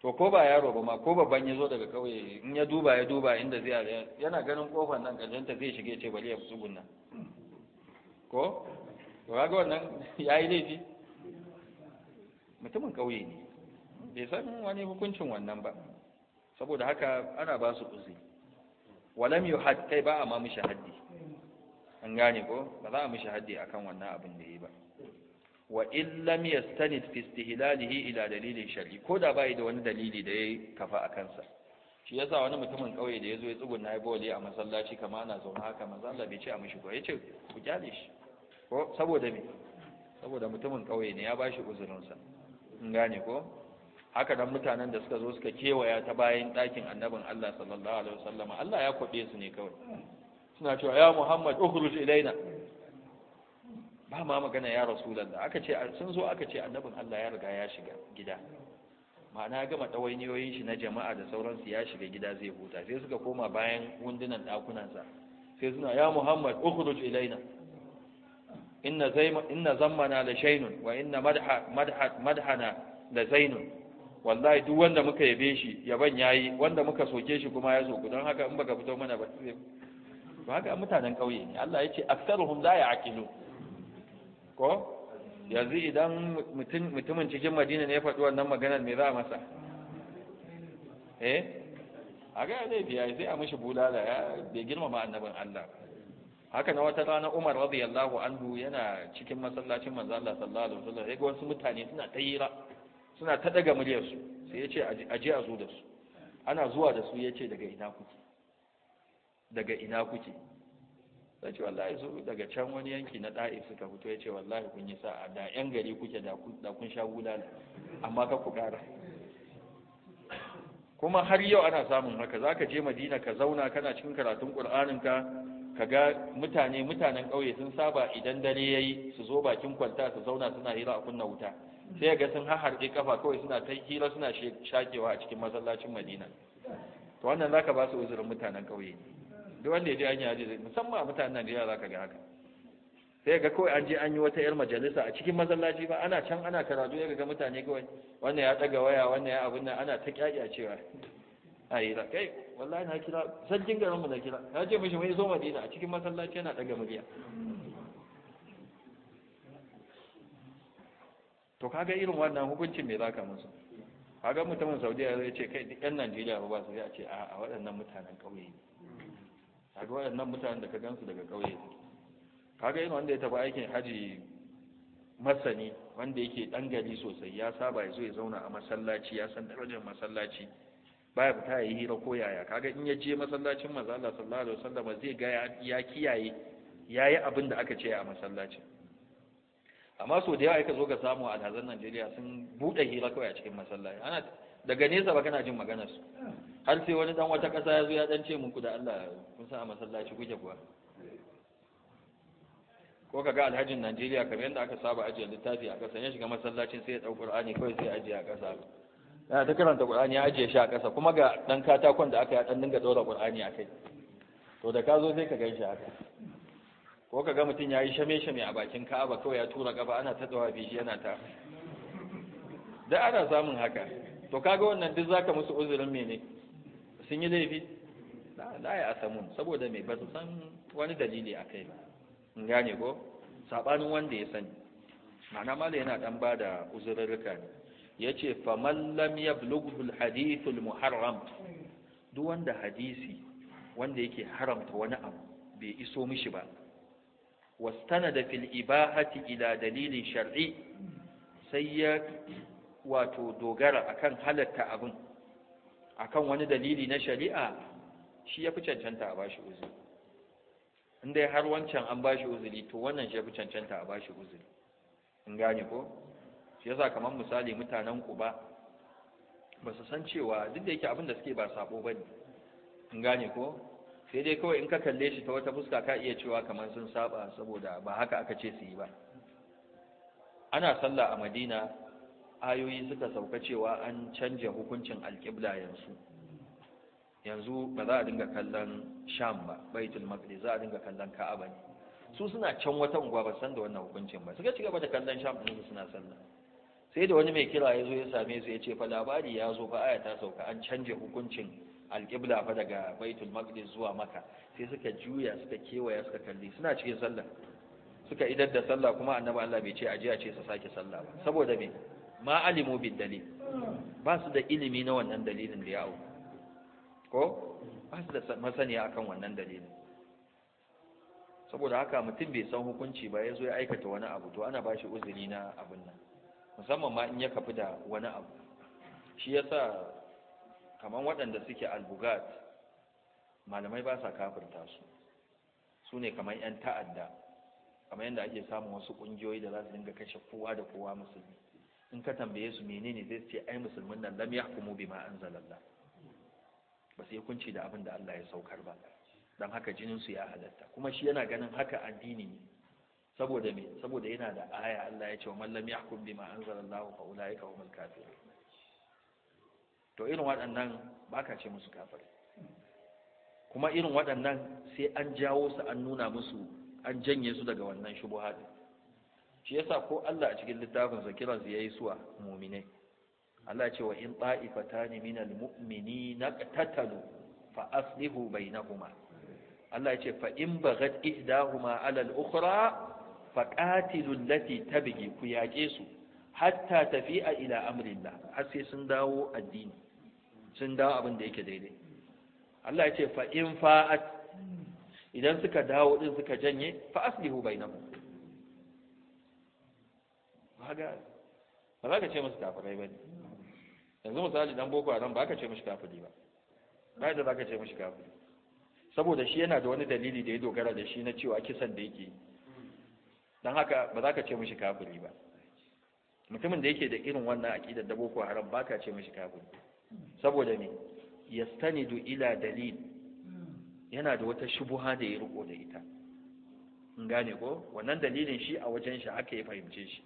to ko ba yaro ba ma ko babban ya zo daga kauye in ya duba ya duba inda zai ala yana ganin kofar nan ƙarshenta zai shige ce bari ya fi tsugun nan ko to ga wannan ya yi laifi mutumin kauye ne bai san wani hukuncin wannan ba saboda haka ana ba su uzi walam yuhad kai ba a ma mishi haddi an gane ko ba za a mishi haddi akan wannan abin da yi ba wa in lam yastanid fi istihlalihi ila dalilin shar'i ko da bai da wani dalili da ya kafa a kansa shi yasa wani mutumin kauye da yazo ya tsuguna ya bole a masallaci kama ana zauna haka manzo Allah bai ce a mishi ko yace ku kyale shi ko saboda me saboda mutumin kauye ne ya bashi uzurin sa in gane ko haka dan mutanen da suka zo suka kewaya ta bayan ɗakin annabin Allah sallallahu alaihi wasallama Allah ya kwabe su ne kawai suna cewa ya Muhammad ukhruj ilaina ba ma magana ya rasu aka ce sun zo aka ce annabin Allah ya riga ya shiga gida ma'ana ya gama ɗawainiyoyin shi na jama'a da sauransu ya shiga gida zai huta sai suka koma bayan wundunan ɗakunansa sai suna ya muhammad ukhruj ilaina inna zayma inna zammana la shaynun wa inna madha madha madhana la zainun wallahi duk wanda muka yabe shi yaban yayi wanda muka soke shi kuma ya soku don haka in baka fito mana ba ba haka mutanen kauye ne Allah ya ce aktsaruhum la ya'qilu ko yanzu idan mutumin cikin madina ne ya faɗi wannan maganar me za a masa eh a gaya zai biya sai a mishi bulala ya bai girmama annabin Allah haka na wata rana Umar radiyallahu anhu yana cikin masallacin manzo Allah sallallahu alaihi wasallam sai wasu mutane suna tayira suna ta daga muryar su sai yace je a zo da su ana zuwa da su yace daga ina kuke daga ina kuke sai ce wallahi su daga can wani yanki na ɗa'if suka fito ya ce wallahi kun yi sa'a da yan gari kuke da kun sha ne amma ka ku ƙara kuma har yau ana samun haka za ka je madina ka zauna kana cikin karatun ƙur'anin ka ka ga mutane mutanen ƙauye sun saba idan dare ya yi su zo bakin kwanta su zauna suna hira a kunna wuta sai ya ga sun haharɗe kafa kawai suna ta hira suna shakewa a cikin masallacin madina to wannan za ka ba su uzurin mutanen ƙauye ne duk wanda ya je hanya je musamman a mutanen yara zaka ga haka sai ga kawai an je an yi wata yar majalisa a cikin masallaci ba ana can ana karatu ya ga mutane kawai wannan ya daga waya wannan ya abun nan ana ta kyakya cewa ai da kai wallahi na kira sajjin garin mu na kira na ce mishi mai zo Madina a cikin masallaci yana daga murya to kaga irin wannan hukuncin me zaka musu kaga mutumin Saudiya zai ce kai duk yan Najeriya ba su ya ce a waɗannan mutanen ƙauye ne kaga wannan mutanen da ka gansu daga ƙauye kaga yin wanda ya tafi aikin haji masani wanda yake dan gari sosai ya saba ya zo ya zauna a masallaci ya san darajar masallaci baya fita ya yi hira ko yaya kaga in ya je masallacin manzo Allah sallallahu alaihi wasallam zai ga ya kiyaye yayi abin da aka ce a masallacin amma so da yawa ka zo ga samu a alhazan Najeriya sun buɗe hira kawai a cikin masallaci ana daga nesa ba kana jin maganar su har sai wani dan wata kasa ya zo ya dan ce muku da Allah kun sa a masallaci kuke kuwa ko ka ga alhajin Najeriya kamar yadda aka saba ajiya littafi a kasa ya shiga masallacin sai ya ɗau Qur'ani kawai sai ya ajiye a ƙasa ya ta karanta Qur'ani ya ajiye shi a ƙasa kuma ga ɗan katakon da aka ya ɗan dinga ɗora Qur'ani a kai to da ka zo sai ka gaishe shi haka ko ka ga mutum ya yi shame-shame a bakin Ka'aba kawai ya tura gaba ana ta tsawa bishi yana ta da ana samun haka to kaga wannan duk zaka musu uzurin mene sun yi laifi la ya asamun saboda me ba su san wani dalili a kai ba in gane ko sabanin wanda ya sani ma'ana mala yana dan bada uzurrurruka ne yace faman lam yablughu alhadith almuharram duk wanda hadisi wanda yake haramta wani abu bai iso mishi ba da fil ibahati ila dalilin shar'i sai ya wato dogara akan halatta abin akan wani dalili na shari'a shi ya fi cancanta a bashi uzuri in dai har wancan an bashi uzuri to wannan shi ya fi cancanta a bashi uzuri in gane ko shi yasa kamar misali mutanen kuba ba su san cewa duk da yake abin da suke ba sabo ba ne in gane ko sai dai kawai in ka kalle shi ta wata fuska ka iya cewa kamar sun saba saboda ba haka aka ce su yi ba ana sallah a madina ayoyi suka sauka cewa an canja hukuncin alƙibla yanzu yanzu ba za a dinga kallon sham ba baitul maqdis za a dinga kallon ka'aba ne su suna can wata unguwa ba san da wannan hukuncin ba suka ci gaba da kallon sham din su suna sallah sai da wani mai kira ya zo ya same su ya ce fa labari ya zo fa aya ta sauka an canja hukuncin alƙibla fa daga baitul maqdis zuwa maka sai suka juya suka kewaya suka kalli suna cikin sallah suka idar da sallah kuma annabi Allah bai ce aje a ce su sake sallah ba saboda me ma alimu dalil ba su da ilimi na wannan dalilin da ya ko ba su da masaniya akan wannan dalilin saboda haka mutum bai san hukunci ba ya zo ya aikata wani abu to ana ba uzuri na abin nan musamman ma in ya kafi da wani abu shi yasa kamar waɗanda suke albugat malamai ba sa kafirta su su ne kamar 'yan ta'adda kamar yadda ake samun wasu ƙungiyoyi da za su dinga kashe kowa da kowa musulmi in ka tambaye su menene zai ce ai musulmin nan lam yahkumu bima anzalallah ba sai kunci da abin da Allah ya saukar ba dan haka jinin su ya halatta kuma shi yana ganin haka addini ne saboda me saboda yana da aya Allah ya ce wa man lam yahkum bima anzalallahu fa ulaika humul kafirun to irin waɗannan baka ce musu kafir kuma irin waɗannan sai an jawo su an nuna musu an janye su daga wannan shubuha shi yasa ko Allah a cikin littafinsa kiransu yayi suwa mu'minai Allah ya ce wa in min minal mu'minina qatatalu fa aslihu bainahuma Allah ya ce fa in bagat ihdahuma ala al-ukhra fa qatilu allati tabghi ku yaƙe su hatta tafi'a ila amrillah har sai sun dawo addini sun dawo abin da yake daidai Allah ya ce fa in fa'at idan suka dawo din suka janye fa aslihu bainahum kaga ba za ka ce musu kafirai ba ne yanzu misali dan boko haram ba ka ce mishi kafiri ba ba yadda za ka ce mishi kafiri saboda shi yana da wani dalili da ya dogara da shi na cewa kisan da yake don haka ba za ka ce mishi kafiri ba mutumin da yake da irin wannan aƙidar da boko haram ba ka ce mishi kafiri saboda me yastanidu ila dalil yana da wata shubuha da ya riko da ita in gane ko wannan dalilin shi a wajen shi aka yi fahimce shi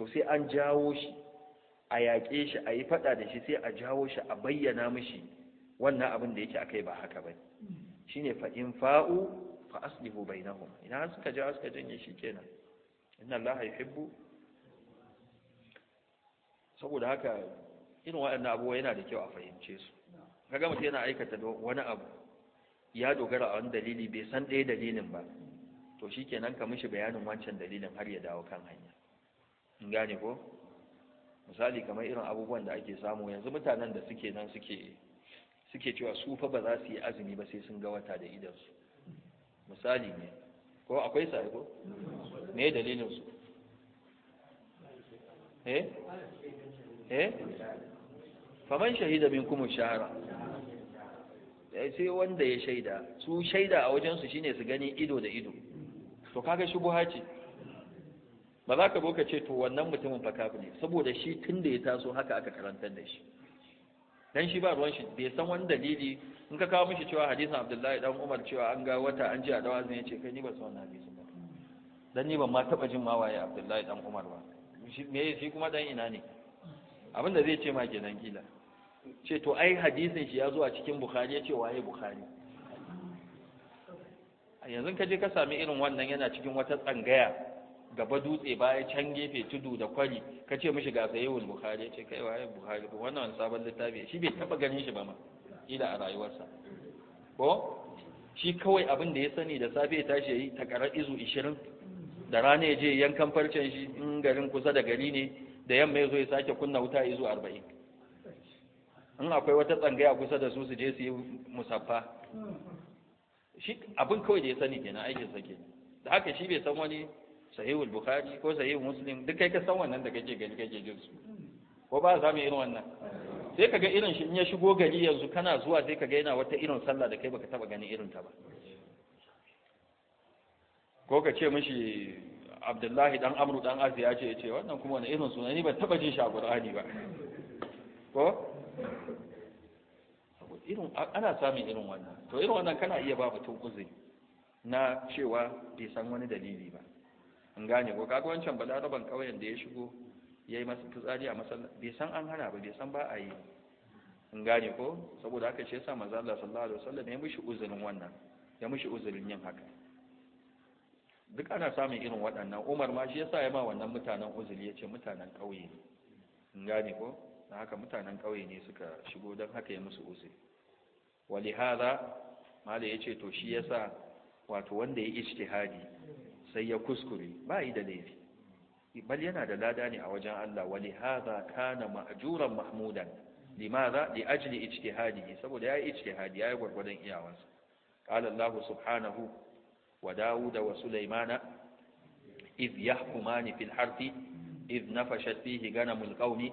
to sai an jawo shi a yaƙe shi a yi faɗa da shi sai a jawo shi a bayyana mishi wannan abin da yake a kai ba haka ba shi ne in fa'u fa aslihu bainahum idan suka jawo suka janye shi kenan inna ya fibbu saboda haka irin waɗannan abubuwa yana da kyau a fahimce su kaga mutum yana aikata wani abu ya dogara a wani dalili bai san ɗaya dalilin ba to shi kenan ka mishi bayanin wancan dalilin har ya dawo kan hanya in gane ko misali kamar irin abubuwan da ake samu yanzu mutanen da suke nan suke suke cewa su fa ba za su yi azumi ba sai sun ga wata da idansu misali ne ko akwai sa ko me dalilin su eh eh faman shahida minkum shahara eh, sai wanda ya shaida su shaida a wajen su shine su gani ido da ido to kaga shubuhaci ce ba za ka boka ka ce to wannan mutumin fa ne, saboda shi tun da ya taso haka aka karantar da shi dan shi ba ruwan shi bai san wani dalili in ka kawo mishi cewa hadisin Abdullahi dan Umar cewa an ga wata an ji a dawa zai ce kai ni ba san wannan hadisin ba dan ni ban ma taba jin ma waye Abdullahi dan Umar ba me shi kuma dan ina ne abin da zai ce ma kenan kila ce to ai hadisin shi ya zo a cikin Bukhari ya ce waye Bukhari yanzu ka je ka sami irin wannan yana cikin wata tsangaya gaba dutse baya can gefe tudu da kwari ka ce mishi ga sahihul bukhari ya ce kai waye bukhari ba wannan sabon littafi shi bai taba ganin shi ba ma ila a rayuwarsa ko shi kawai abin da ya sani da safe ya tashi yayi takarar izu 20 da rana ya je yankan farcen shi in garin kusa da gari ne da yamma ya zo ya sake kunna wuta izu 40 in akwai wata tsangaya kusa da su su je su yi musaffa shi abin kawai da ya sani kenan aikin sa kenan da haka shi bai san wani sahihul bukhari ko sahihu muslim duk kai ka san wannan da kake gani kake jin su ko ba za mu irin wannan sai kaga irin shi in ya shigo gari yanzu kana zuwa sai kaga yana wata irin sallah da kai baka taba ganin irin ta ba ko ka ce mishi Abdullahi dan Amru dan Azi ya ce ya ce wannan kuma wani irin suna ni ban taba jin shi a Qur'ani ba ko irin ana samun irin wannan to irin wannan kana iya ba mutum uzuri na cewa bai san wani dalili ba an gane ko kaga wancan balaraban ƙauyen da ya shigo ya yi masa fitsari a masa bai san an hana ba bai san ba a yi an gane ko saboda haka shi yasa manzo Allah sallallahu alaihi wasallam ya mishi uzurin wannan ya mishi uzurin yin haka duk ana samun irin waɗannan Umar ma shi yasa ya ma wannan mutanen uzuri yace mutanen ƙauye ne gane ko dan haka mutanen ƙauye ne suka shigo dan haka ya musu uzuri wali hadha mala yace to shi yasa wato wanda ya ijtihadi sai ya kuskure ba yi da laifi bal yana da lada ne a wajen Allah wa li hadha kana ma'juran mahmudan limadha li ajli ijtihadihi saboda yayi ijtihadi yayi gurgurdan iyawansa qala Allah subhanahu wa daud wa Sulaymana idh yahkumani fil harthi idh nafashat fihi ganamul qaumi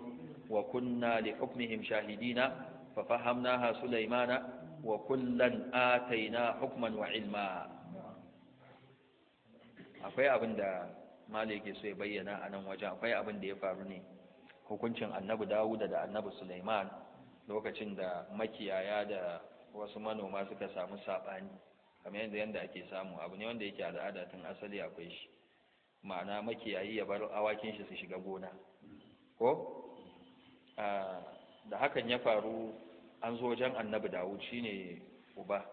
wa kunna li hukmihim shahidina fa fahamnaha Sulaymana wa kullan atayna hukman wa ilma akwai abin da malik so ya bayyana a nan wajen akwai abin da ya faru ne hukuncin annabi dawuda da annabi suleiman lokacin da makiyaya da wasu manoma suka samu saɓani kamar yadda yadda ake samu abu ne wanda yake al'ada tun asali akwai shi ma'ana makiyayi ya bar awakin shi su shiga gona ko da hakan ya faru an zo wajen annabi dawud shine uba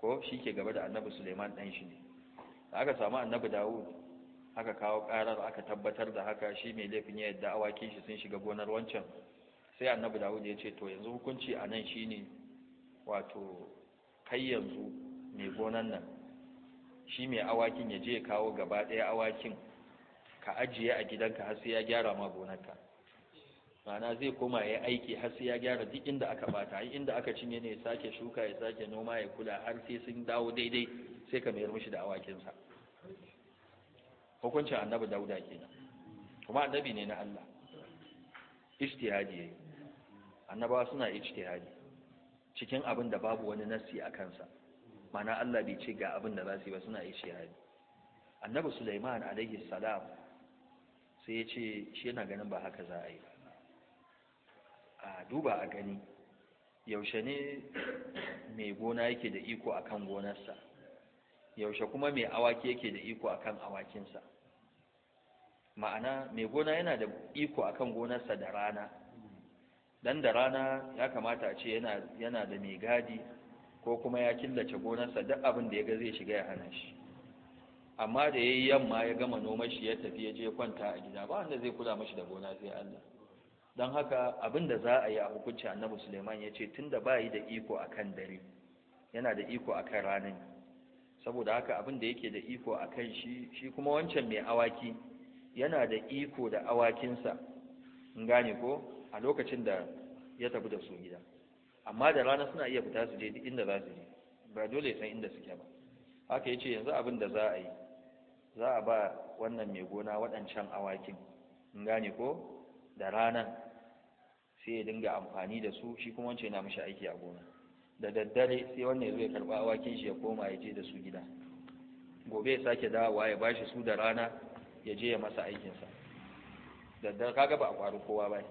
ko shi ke gaba da annabi suleiman ɗan shi ne aka samu annabi dawud aka kawo karar aka tabbatar da haka shi mai laifin ya yadda awakin shi sun shiga gonar wancan sai annabi dawud ya ce to yanzu hukunci a nan shine wato kai yanzu mai gonan nan shi mai awakin ya je ya kawo gaba ɗaya awakin ka ajiye a gidanka har sai ya gyara ma gonarka ma'ana zai koma ya aiki har sai ya gyara duk inda aka bata yi inda aka cinye ne ya sake shuka ya sake noma ya kula har sai sun dawo daidai sai ka mayar mishi da awakinsa hukuncin annabi dauda kenan kuma annabi ne na Allah ijtihadi yayi annabawa suna ijtihadi cikin abin da babu wani nasi a kansa mana Allah bai ce ga abin da za su yi ba suna ijtihadi annabi Sulaiman alaihi salam sai ya ce shi yana ganin ba haka za a yi a duba a gani yaushe ne mai gona yake da iko akan gonarsa yaushe kuma mai awaki yake da iko akan awakinsa ma'ana mai gona yana da iko akan gonarsa da rana dan da rana ya kamata a ce yana yana da mai gadi ko kuma ya killace gonarsa duk abin da ya ga zai shiga ya hana shi amma da yayi yamma ya gama noman shi ya tafi ya je kwanta a gida ba wanda zai kula mashi da gona sai Allah don haka abin da za a yi a hukunci annabi Suleiman ya ce tunda ba yi da iko akan dare yana da iko akan ranar saboda haka abin da yake da iko a kan shi shi kuma wancan mai awaki yana da iko da awakinsa in gane ko a lokacin da ya tafi da su gida amma da rana suna iya fita su je duk inda za su je ba dole san inda suke ba haka yace yanzu abin da za a yi za a ba wannan mai gona waɗancan awakin in gane ko da ranan sai ya dinga amfani da su shi kuma wancan yana mishi aiki a gona da daddare sai wannan zai karba awakin shi ya koma ya je da su gida gobe ya sake dawowa ya bashi su da rana ya je ya masa aikinsa daddare kaga ba a kwaru kowa ba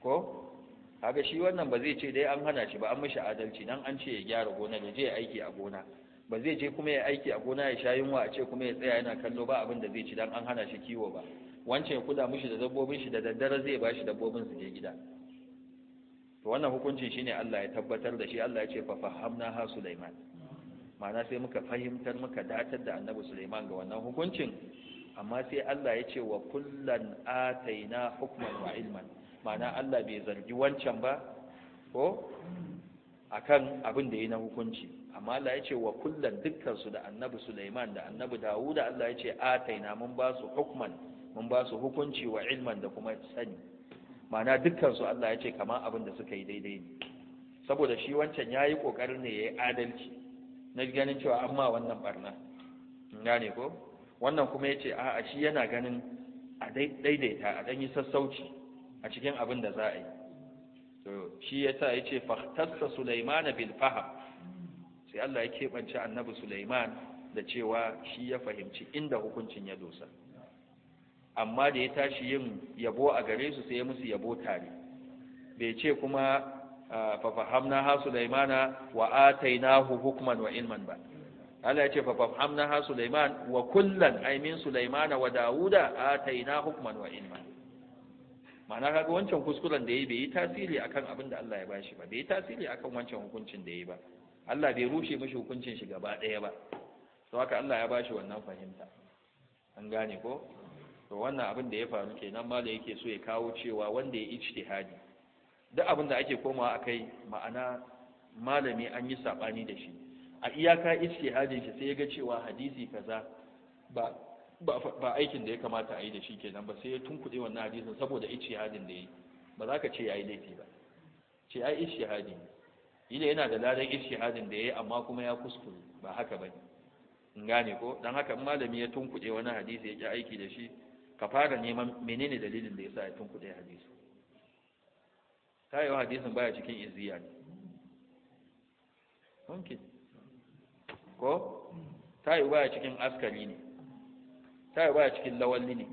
ko kaga shi wannan ba zai ce dai an hana shi ba an mishi adalci dan an ce ya gyara gona, ya je ya aiki a gona ba zai je kuma ya aiki a gona ya sha yunwa a ce kuma ya tsaya yana kallo ba abin da zai ci dan an hana shi kiwo ba wancan ya kula mishi da dabbobin shi da daddare zai bashi dabbobin su je gida to wannan hukunci shine Allah ya tabbatar da shi Allah ya ce fa fahamna ha Sulaiman ma'ana sai muka fahimtar muka datar da Annabi Sulaiman ga wannan hukuncin amma sai Allah ya ce wa kullan ataina hukman wa ilman ma'ana Allah bai zargi wancan ba ko akan abin da yayi na hukunci amma Allah ya ce wa kullan dukkan su da Annabi Sulaiman da Annabi Dawud Allah ya ce ataina mun ba su hukman mun ba su hukunci wa ilman da kuma sani ma'ana dukkansu Allah ya ce kama abin da suka yi daidai ne saboda shi wancan ya yi ƙoƙarin ne ya yi adalci na ganin cewa an ma wannan barna gane ko wannan kuma ya ce a'a shi yana ganin a daidaita a ɗan sassauci a cikin abin da za a yi to shi ya sa ya ce fahtassa sulaiman bil faham sai Allah ya keɓance annabi sulaiman da cewa shi ya fahimci inda hukuncin ya dosa amma da ya tashi yin yabo a gare su sai ya musu yabo tare bai ce kuma ah, fafahamna ha sulaiman wa atainahu hukman wa ilman ba Allah ya ce fafahamna ha sulaiman wa kullan ay min sulaimana wa dauda ataina hukman wa ilman ma'ana kaga wancan kuskuren da yayi bai yi tasiri akan abin da Allah ya bashi ba bai yi tasiri akan wancan hukuncin da yayi ba Allah bai rushe mishi hukuncin shi gaba ɗaya ba to haka Allah ya bashi wannan fahimta an gane ko to wannan abin da ya faru kenan mala yake so ya kawo cewa wanda ya ijtihadi duk abin da ake komawa akai ma'ana malami an yi sabani da shi a iyaka ijtihadin shi sai ya ga cewa hadisi kaza ba ba aikin da ya kamata a yi da shi kenan ba sai ya tunkuɗe wannan hadisin saboda ijtihadin da yi ba za ka ce yayi laifi ba ce ai ijtihadi ila yana da ladan ijtihadin da yayi amma kuma ya kuskure ba haka bane in gane ko dan haka in malami ya tunkuɗe wani hadisi ya ki aiki da shi ka fara neman menene dalilin da yasa ya tunkuɗe hadisi kayewa hadisin baya cikin iziya ne mumkin ko tayi baya cikin askari ne tayi baya cikin lawalli ne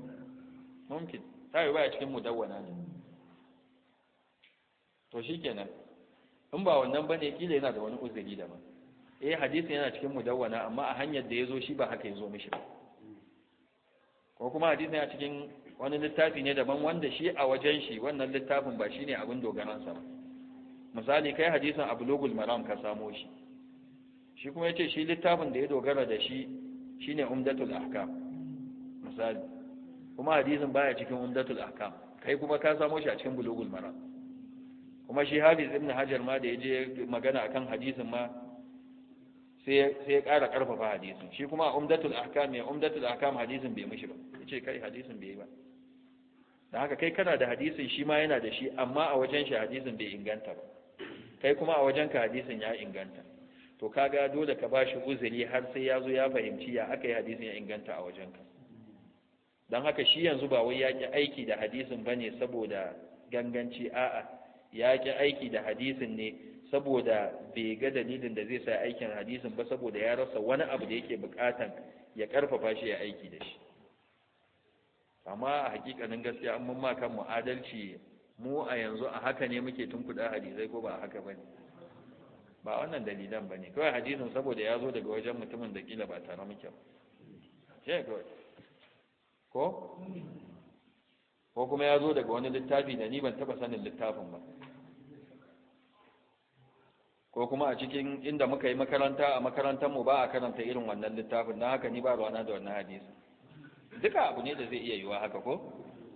mumkin tayi baya cikin mudawwana ne to shi kenan in ba wannan bane kila yana da wani uzuri daban eh hadisi yana cikin mudawwana amma a hanyar da yazo shi ba haka yazo mishi ba ko kuma hadisin a cikin wani littafi ne daban wanda shi a wajen shi wannan littafin ba shine abin dogaransa ba misali kai hadisin ablugul maram ka samo shi shi kuma yace shi littafin da ya dogara da shi shine umdatul ahkam misali kuma hadisin baya cikin umdatul ahkam kai kuma ka samo shi a cikin bulugul maram kuma shi hafiz ibn hajar ma da yaje magana akan hadisin ma sai sai ya ƙara ƙarfafa hadisin shi kuma umdatul ahkam ya umdatul ahkam hadisin bai mishi ba yace kai hadisin bai yi ba dan haka kai kana da hadisin shi ma yana da shi amma a wajen shi hadisin bai inganta ba kai kuma a wajen ka hadisin ya inganta to kaga dole ka bashi uzuri har sai ya zo ya fahimci ya aka yi hadisin ya inganta a wajen ka dan haka shi yanzu ba wai ya ki aiki da hadisin bane saboda ganganci a'a ya ki aiki da hadisin ne saboda bai ga dalilin da zai sa aikin hadisin ba saboda ya rasa wani abu da yake bukatan ya karfafa shi ya aiki da shi amma a hakikanin gaskiya an mun makan mu adalci mu a yanzu a haka ne muke tunkuda hadisai ko ba a haka bane ba wannan dalilan bane kawai hadisin saboda ya zo daga wajen mutumin da kila ba tare muke ba shi kawai ko ko kuma ya zo daga wani littafi da ni ban taba sanin littafin ba ko kuma a cikin inda muka yi makaranta a makarantar mu ba a karanta irin wannan littafin don haka ni ba ruwana da wannan hadisi duka abu ne da zai iya yiwa haka ko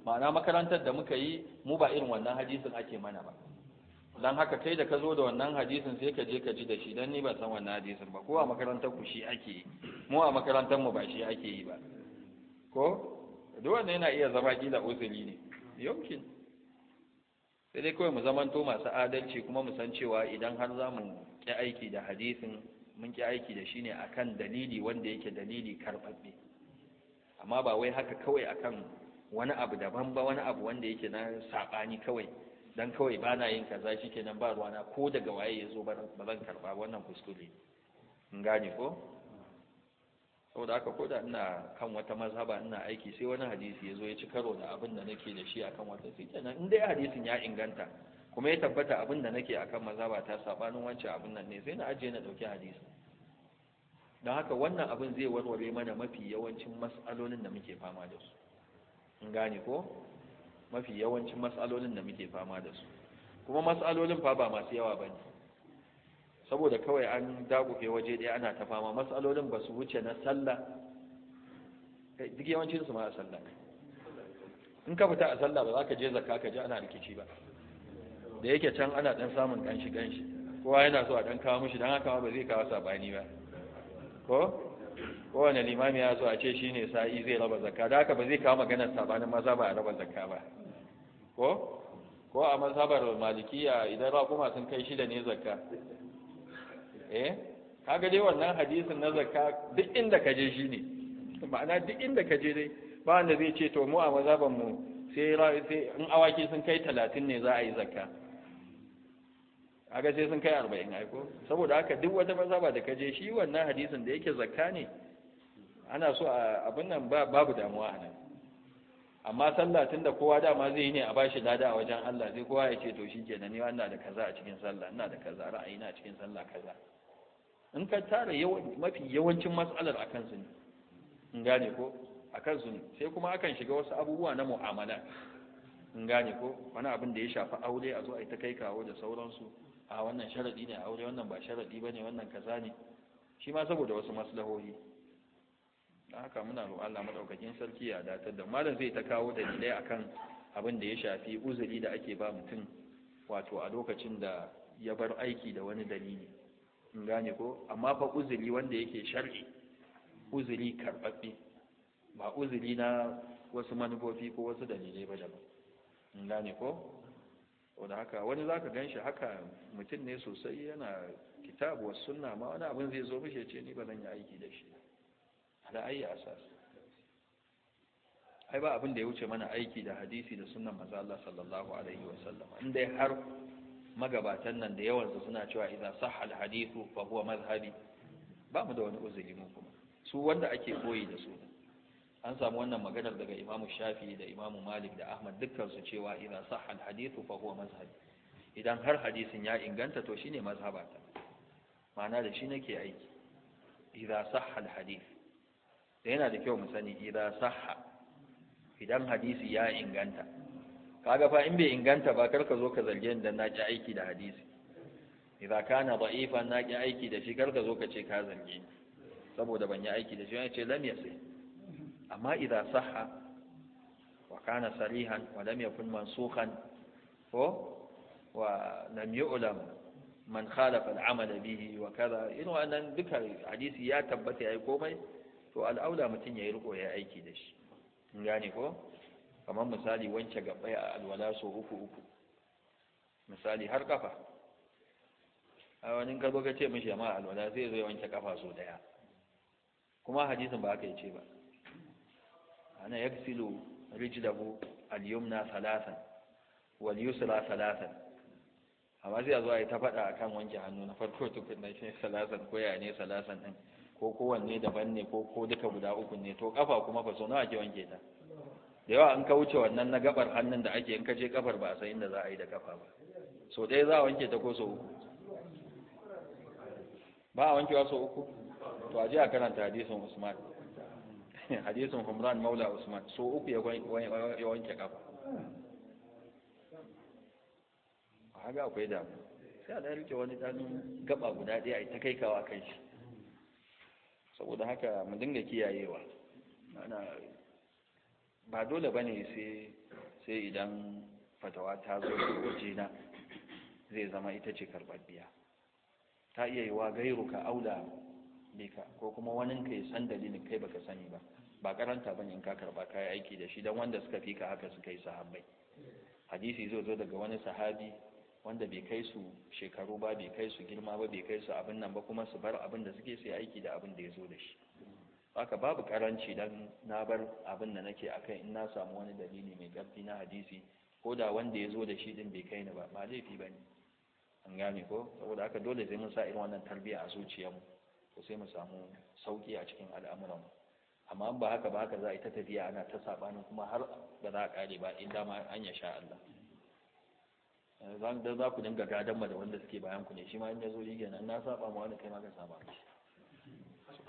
ma'ana makarantar da muka yi mu ba irin wannan hadisin ake mana ba dan haka kai da ka zo da wannan hadisin sai ka je ka ji da shi dan ni ba san wannan hadisin ba ko a makarantar ku shi ake yi mu a makarantar mu ba shi ake yi ba ko duk wannan yana iya zama kila usuli ne yaukin sai dai kawai mu zamanto masu adalci kuma mu san cewa idan har za mu ƙi aiki da hadisin mun ƙi aiki da shi ne a kan dalili wanda yake dalili karɓaɓɓe amma ba wai haka kawai akan wani abu daban ba wani abu wanda yake na saɓani kawai don kawai ba na yin kaza shi nan ba ruwana ko daga waye ya zo ba zan karɓa wannan kuskure in gane ko saboda haka ko da ina kan wata mazhaba ina aiki sai wani hadisi ya zo ya ci karo da abin da nake da shi akan wata sai kenan in dai hadisin ya inganta kuma ya tabbata abin da nake akan mazhaba ta sabanin wancan abin nan ne sai na ajiye na dauki hadisi don haka wannan abin zai warware mana mafi yawancin mas'alolin da muke fama da su in gane ko mafi yawancin mas'alolin da muke fama da su kuma mas'alolin fa ba masu yawa bane saboda kawai an dagufe waje ɗaya ana ta fama matsalolin ba su wuce na sallah duk yawancin su ma a sallah in ka fita a sallah ba za ka je zakka ka ji ana rikici ba da yake can ana dan samun ganshi ganshi kowa yana so a dan kawo mishi dan haka ba zai kawo sabani ba ko kowane limami ya zo a ce shi ne sa'i zai raba zakka da haka ba zai kawo maganar sabanin maza ba a raba zakka ba ko ko a mazhabar malikiya idan raƙuma sun kai shida ne zakka eh kaga dai wannan hadisin na zakka duk inda ka je shi ne ma'ana duk inda ka je dai ba wanda zai ce to mu a mazaban mu sai in awaki sun kai talatin ne za a yi zakka kaga sai sun kai arba'in aiko saboda haka duk wata mazaba da kaje shi wannan hadisin da yake zakka ne ana so abin nan babu damuwa a nan amma sallah tun da kowa dama zai yi ne a bashi lada a wajen Allah sai kowa ya ce to shi kenan ni wannan da kaza a cikin sallah ina da kaza ra'ayi na cikin sallah kaza in ka tara mafi yawancin matsalar a kansu ne in gane ko a kansu ne sai kuma akan shiga wasu abubuwa na mu'amala in gane ko wani abin da ya shafi aure a zo a yi ta kai kawo da sauransu a wannan sharadi ne a aure wannan ba sharadi ba ne wannan kaza ne shi ma saboda wasu maslahohi haka muna roƙon Allah madaukakin sarki ya datar da malam zai ta kawo da dalilai akan abin da ya shafi uzuri da ake ba mutum wato a lokacin da ya bar aiki da wani dalili in gane ko amma fa uzuri wanda yake shar'i uzuri karbabbe ba uzuri na wasu manufofi ko wasu dalilai ba daban in gane ko wanda haka wani zaka ganshi haka mutum ne sosai yana kitabu wasu sunna ma wani abin zai zo mishi ce ni ba zan yi aiki da shi ala ayi asas ai ba abin da ya wuce mana aiki da hadisi da sunnan manzo Allah sallallahu alaihi wasallam in dai har magabatan nan da yawansu suna cewa idan sahha alhadithu fa huwa madhhabi ba mu da wani uzuri mu kuma su wanda ake koyi da su an samu wannan maganar daga imamu shafi da imamu malik da ahmad dukkan su cewa idan sahha alhadithu fa huwa madhhabi idan har hadisin ya inganta to shine mazhabata ma'ana da shi nake aiki idan sahha alhadith da yana da kyau mu sani idan sahha idan hadisi ya inganta kaga fa in bai inganta ba kar ka zo ka zarge ni dan na ki aiki da hadisi idza kana da'ifan na ki aiki da shi kar ka zo ka ce ka zarge ni saboda ban yi aiki da shi ya ce lam sai. amma idza sahha wa kana sarihan wa lam yakun mansukhan ko wa lam yu'lam man khalafa al'amala bihi wa kaza wa nan duka hadisi ya tabbata yayi komai to al'aula mutum yayi riko yayi aiki da shi gane ko kamar misali wanke gabai a alwala so uku uku misali har kafa a wani karbo ka ce mishi jama'a alwala zai zo wanke kafa so daya kuma hadisin ba aka yi ce ba ana yaksilu rijlahu al-yumna salasan wal yusra salasan amma sai a zo a ta faɗa akan wanke hannu na farko tukun nan shi salasan ko ya ne salasan din ko kowanne daban ne ko ko duka guda uku ne to kafa kuma fa so nawa ke wanke ta da yawa an ka wuce wannan na gabar hannun da ake in ka je kafar ba a san inda za a yi da kafa ba so ɗaya za a wanke ta ko so uku ba a wankewa so uku to a je a karanta hadisin usman hadisin humran maula usman so uku ya wanke kafa haka akwai damu sai a rike wani ɗan gaba guda ɗaya a ta kai kawa kan shi saboda haka mu dinga kiyayewa ana ba dole ba ne sai idan fatawa ta zo daga wajena zai zama ita ce biya. ta iya yi wa gairu, ka aula bika ko kuma waninka ya san dalilin kai baka sani ba ba karanta ba ne in ka karba kai aiki da shi don wanda suka fi ka haka suka yi sahabbai hadisi zai zo daga wani sahabi wanda bai kai su shekaru ba bai kai su girma ba bai kai su abin nan ba kuma su bar abin da suke sai aiki da abin da ya zo da shi haka babu karanci dan na bar abin da nake akai in na samu wani dalili mai ƙarfi na hadisi ko da wanda ya zo da shi din bai kai ni ba ba laifi ba ne an gane ko saboda haka dole sai mun sa irin wannan tarbiyya a zuciyarmu ko sai mu samu sauki a cikin al'amuranmu. amma ba haka ba haka za a yi ta tafiya ana ta sabanin kuma har ba za a kare ba in dama an ya sha Allah eh, zan da za ku dinga gadan da wanda suke bayan ku ne shi ma in ya zo yi kenan na saba ma wani kai ma ka saba